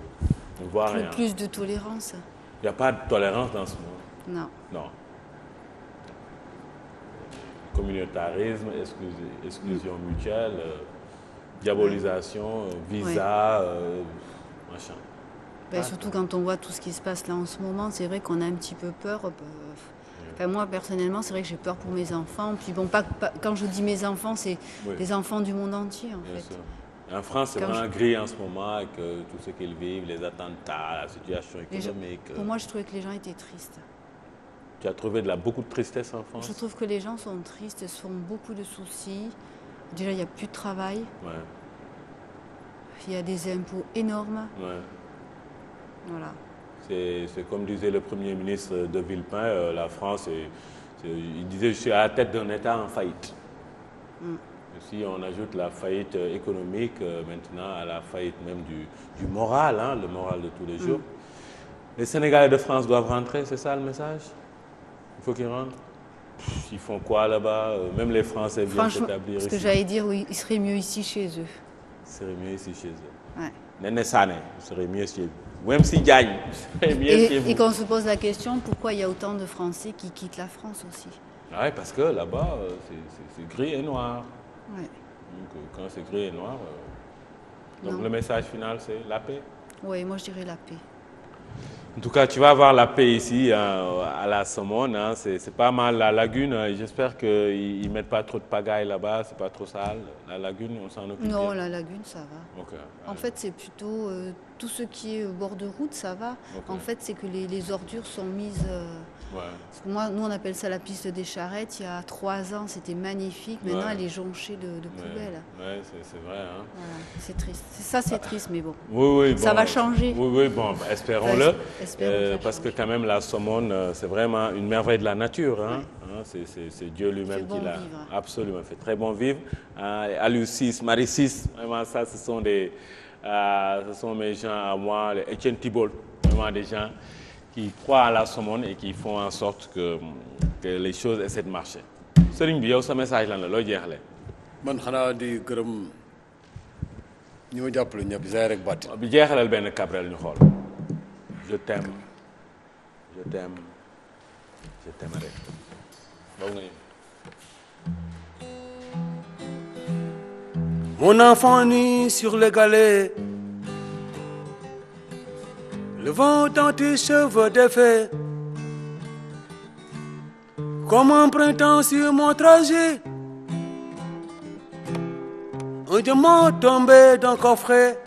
on rien. Plus de tolérance. dans ce monde. Non. Communautarisme, exclusion mm. diabolisation, euh, visa, euh, ben, surtout quand on voit tout ce qui se passe là en ce moment, c'est vrai qu'on a un petit peu peur. Enfin, moi, personnellement, c'est vrai que j'ai peur pour mes enfants. Puis bon, pas, pas quand je dis mes enfants, c'est oui. les enfants du monde entier, en Bien fait. Sûr. En France, c'est vraiment je... gris en ce moment avec euh, tout ce qu'ils vivent, les attentats, la situation économique. Gens, pour euh. moi, je trouvais que les gens étaient tristes. Tu as trouvé de la, beaucoup de tristesse en France Je trouve que les gens sont tristes, se font beaucoup de soucis. Déjà, il n'y a plus de travail. Ouais. Il y a des impôts énormes. Ouais. Voilà. C'est comme disait le Premier ministre de Villepin, euh, la France, est, est, il disait je suis à la tête d'un État en faillite. Mm. Si on ajoute la faillite euh, économique euh, maintenant à la faillite même du, du moral, hein, le moral de tous les jours, mm. les Sénégalais de France doivent rentrer, c'est ça le message Il faut qu'ils rentrent Pff, Ils font quoi là-bas euh, Même les Français viennent s'établir ici. Ce que j'allais dire, oui, ils seraient mieux ici chez eux. Ils seraient mieux ici chez eux. Ouais. Néné Sané serait mieux suivi. Même si Diagne serait mieux et, suivi. Et quand on se pose la question, pourquoi il y a autant de Français qui quittent la France aussi Oui, parce que là-bas, euh, c'est gris et noir. Ouais. Donc, euh, quand c'est gris et noir. Euh... Donc, non. le message final, c'est la paix Oui, moi, je dirais la paix. En tout cas, tu vas avoir la paix ici euh, à la Somone. Hein. C'est pas mal la lagune. Euh, j'espère qu'ils ne mettent pas trop de pagaille là-bas. C'est pas trop sale. La lagune, on s'en occupe. Non, bien. la lagune, ça va. Okay. En fait, c'est plutôt euh, tout ce qui est bord de route, ça va. Okay. En fait, c'est que les, les, ordures sont mises. Euh, ouais. Moi, nous, on appelle ça la piste des charrettes. Il y a trois ans, c'était magnifique. Maintenant, ouais. elle est jonchée de, de poubelles. Ouais, c'est vrai. Hein. Voilà. C'est triste. Ça, c'est ah. triste, mais bon. Oui, oui. Ça bon, va changer. Oui, oui, bon, bah, espérons-le. Enfin, espérons euh, parce que, quand même, la Saumon, euh, c'est vraiment une merveille de la nature. Hein. Hein, c'est Dieu lui-même bon qui l'a. Absolument. Fait très bon vivre. Ah, Alucis, Maricis, vraiment, ça, ce sont des. Euh, ce sont mes gens à moi les Etienne Thibault vraiment des gens qui croient à la Sommone et qui font en sorte que les choses essaient de marcher. sëriñ bi yow sa message la la loo jeexalee. man xanaa di gërëm ñi ma jàppale ñëpp zaay rek bi jeexalal benn Cabrel ñu xool. je t'aime je t'aime je t'aimerai. Mon enfant nu sur le galet, le vent dans tes cheveux défaits, comme un printemps sur mon trajet, un diamant tombé d'un coffret,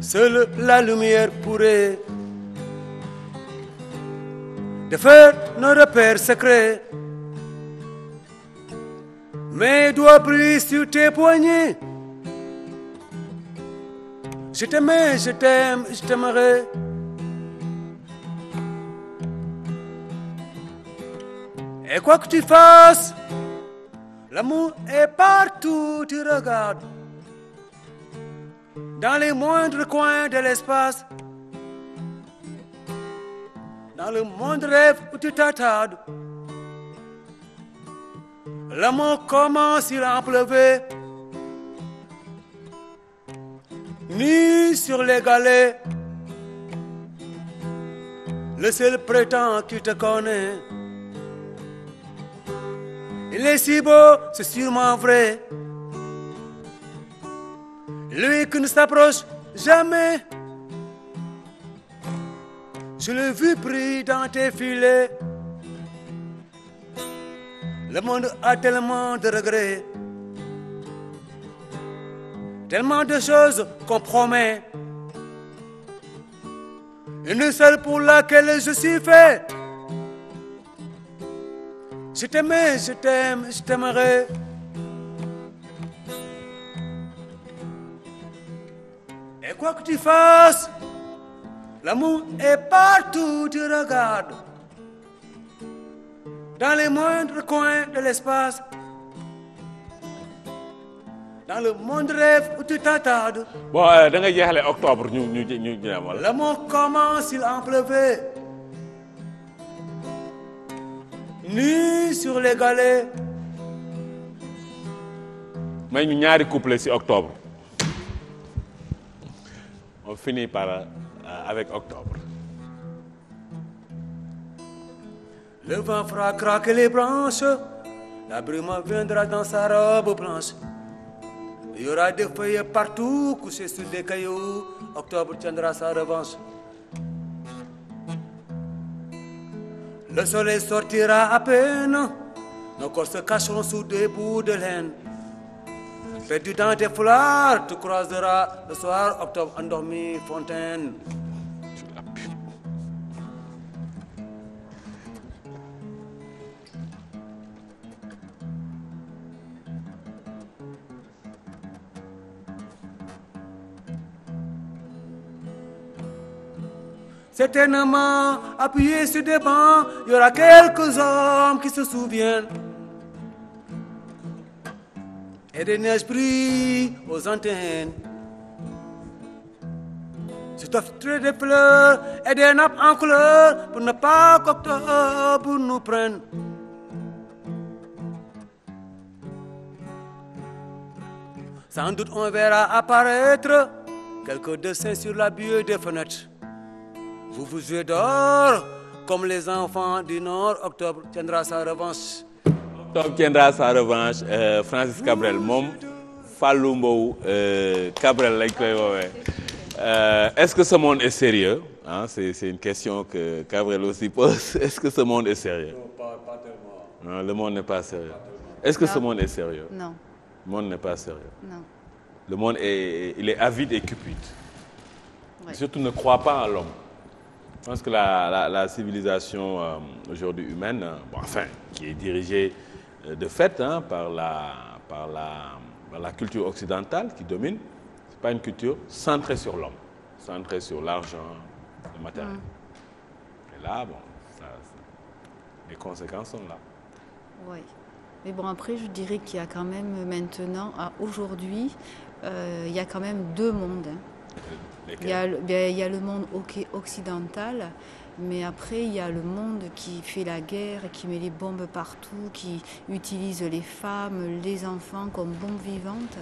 seule la lumière pourrait de faire nos repères secrets. Mais dois prier sur tes poignets. Je t'aimais, je t'aime, Et quoi que tu fasses, l'amour est partout, tu regardes. Dans les moindres coins de l'espace, dans le moindre rêve où tu t'attardes. L'amour commence, il en pleuvait, ni sur les galets. Le seul prétend qui te connaît. Il est si beau, c'est sûrement vrai. Lui qui ne s'approche jamais. Je l'ai vu pris dans tes filets. Le monde a tellement de regrets, tellement de choses qu'on Une seule pour laquelle je suis fait. Je t'aimerai. Et quoi que tu fasses, l'amour est partout, tu regardes. dans les moindres coins de l'espace, dans le monde rêve où tu t'attardes. Bon, da nga jeexale octobre ñu ñu commence, il en pleuvait. Nu sur les galets. may ñu ñaari couplet ci octobre on finit par euh, avec octobre. Le vent fera craquer les branches, la brume viendra dans sa robe blanche. Il y aura des feuilles partout couchées sur des cailloux. Octobre tiendra sa revanche. Le soleil sortira à peine, nos corps se cacheront sous de laine. Perdu dans des foulards, tu croiseras le soir, octobre endormi, fontaine. Certainement, appuyés sur des bancs, y aura quelques hommes qui se souviennent. Et des neiges pris aux antennes. C'est offrir des fleurs et des nappes en couleur pour ne pas qu'octobre nous prenne. Sans doute on verra apparaître quelques dessins sur la buée des fenêtres. Vous vous jouez dehors les enfants du Nord. Octobre tiendra sa revanche. Octobre tiendra sa revanche euh, Francis Cabrel moom Fallou Mbow euh, Cabrel lañ koy woowee. Euh, ce que ce monde est sérieux ah c'est une question que Cabrel aussi pose <laughs> est-ce que ce monde est sérieux. le monde n'est pas sérieux. Est-ce que non. ce monde est sérieux. Le monde est il est avide et cupide. Ouais. Surtout ne crois pas en l'homme. Je pense que la, la, la civilisation euh, aujourd'hui humaine, euh, bon, enfin, qui est dirigée euh, de fait hein, par, la, par, par, la, culture occidentale qui domine, ce n'est pas une culture centrée sur l'homme, centrée sur l'argent, le matériel. Mmh. Et là, bon, ça, ça, les conséquences sont là. Oui. Mais bon, après, je dirais qu'il y a quand même maintenant, à aujourd'hui, euh, il y a quand même deux mondes. Hein. Euh, Il y, a le, il y, a le monde occidental, mais après, il y a le monde qui fait la guerre, qui met les bombes partout, qui utilise les femmes, les enfants comme bombes vivantes.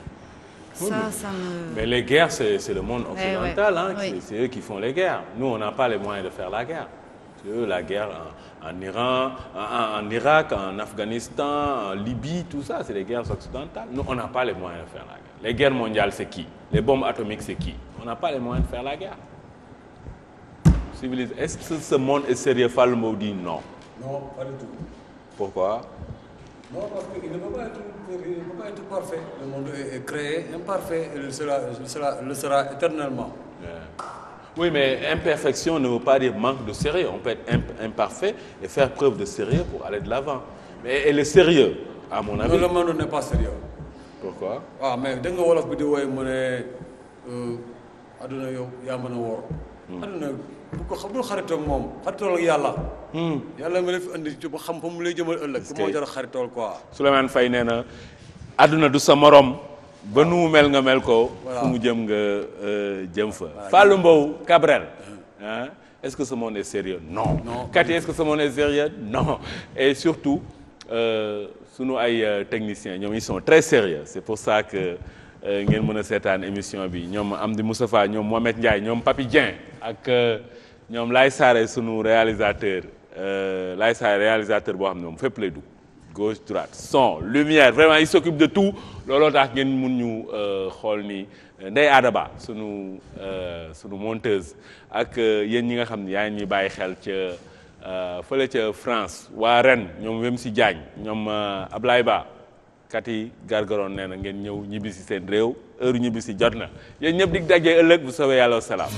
Oui, ça, mais, ça me... mais les guerres, c'est le monde occidental, eh ouais, hein, oui. c'est eux qui font les guerres. Nous, on n'a pas les moyens de faire la guerre. Eux, la guerre en, en Iran, en, en, Irak, en Afghanistan, en Libye, tout ça, c'est les guerres occidentales. Nous, on n'a pas les moyens de faire la guerre. Les guerres mondiales, c'est qui Les bombes atomiques, c'est qui on n'a pas les moyens de faire la guerre. est-ce que ce monde est sérieux Falmo dit non. Pourquoi Non, pas être, parfait. Le monde est créé imparfait et le sera, éternellement. Yeah. Oui, mais imperfection ne veut pas dire manque de sérieux. On peut être imparfait et faire preuve de sérieux pour aller de l'avant. et le sérieux, à mon avis. Non, le monde n'est pas sérieux. Pourquoi Ah, mais dès que Wolof dit, ouais, adduna yow yaa mën a woor hmm. bu ko xam moom xaritool yàlla hmm. yàlla ma la fi andi ci ba xam fa mu lay jëmal ëllëg su moo jar a xaritool quoi Souleymane Faye nee na adduna du sa morom ba nu mu mel nga mel ko fu mu jëm nga euh, jëm fa Fallou Mbow uh-huh. est-ce que ce monde est sérieux non Kati est-ce que ce monde est sérieux non et surtout euh, sunu ay euh, techniciens ñoom ils sont très sérieux c'est pour ça que Euh, ngeen mën a seetaan émission bi ñoom am di Moustapha ñoom Mohamed Ndiaye ñoom Papi Dieng ak euh, ñoom Laye Saare sunu réalisateur euh, lay Saare réalisateur boo xam ne moom fépp lay du gauche droite son lumière vraiment il s'occupe de tout looloo tax ngeen mun ñu xool ni Ndeye Adaba sunu sunu monteuse ak yéen ñi nga xam ne yaa ngi ñi bàyyi xel ca fële ca France waa ren ñoom Wemsi Diagne ñoom Ablaye Ba. Kati Gargaroon nee na ngeen ñëw ñibbi si seen réew heure ñibbi si jot na yéen ñëpp dig dajee ëllëg bu soobee yàlla salaam.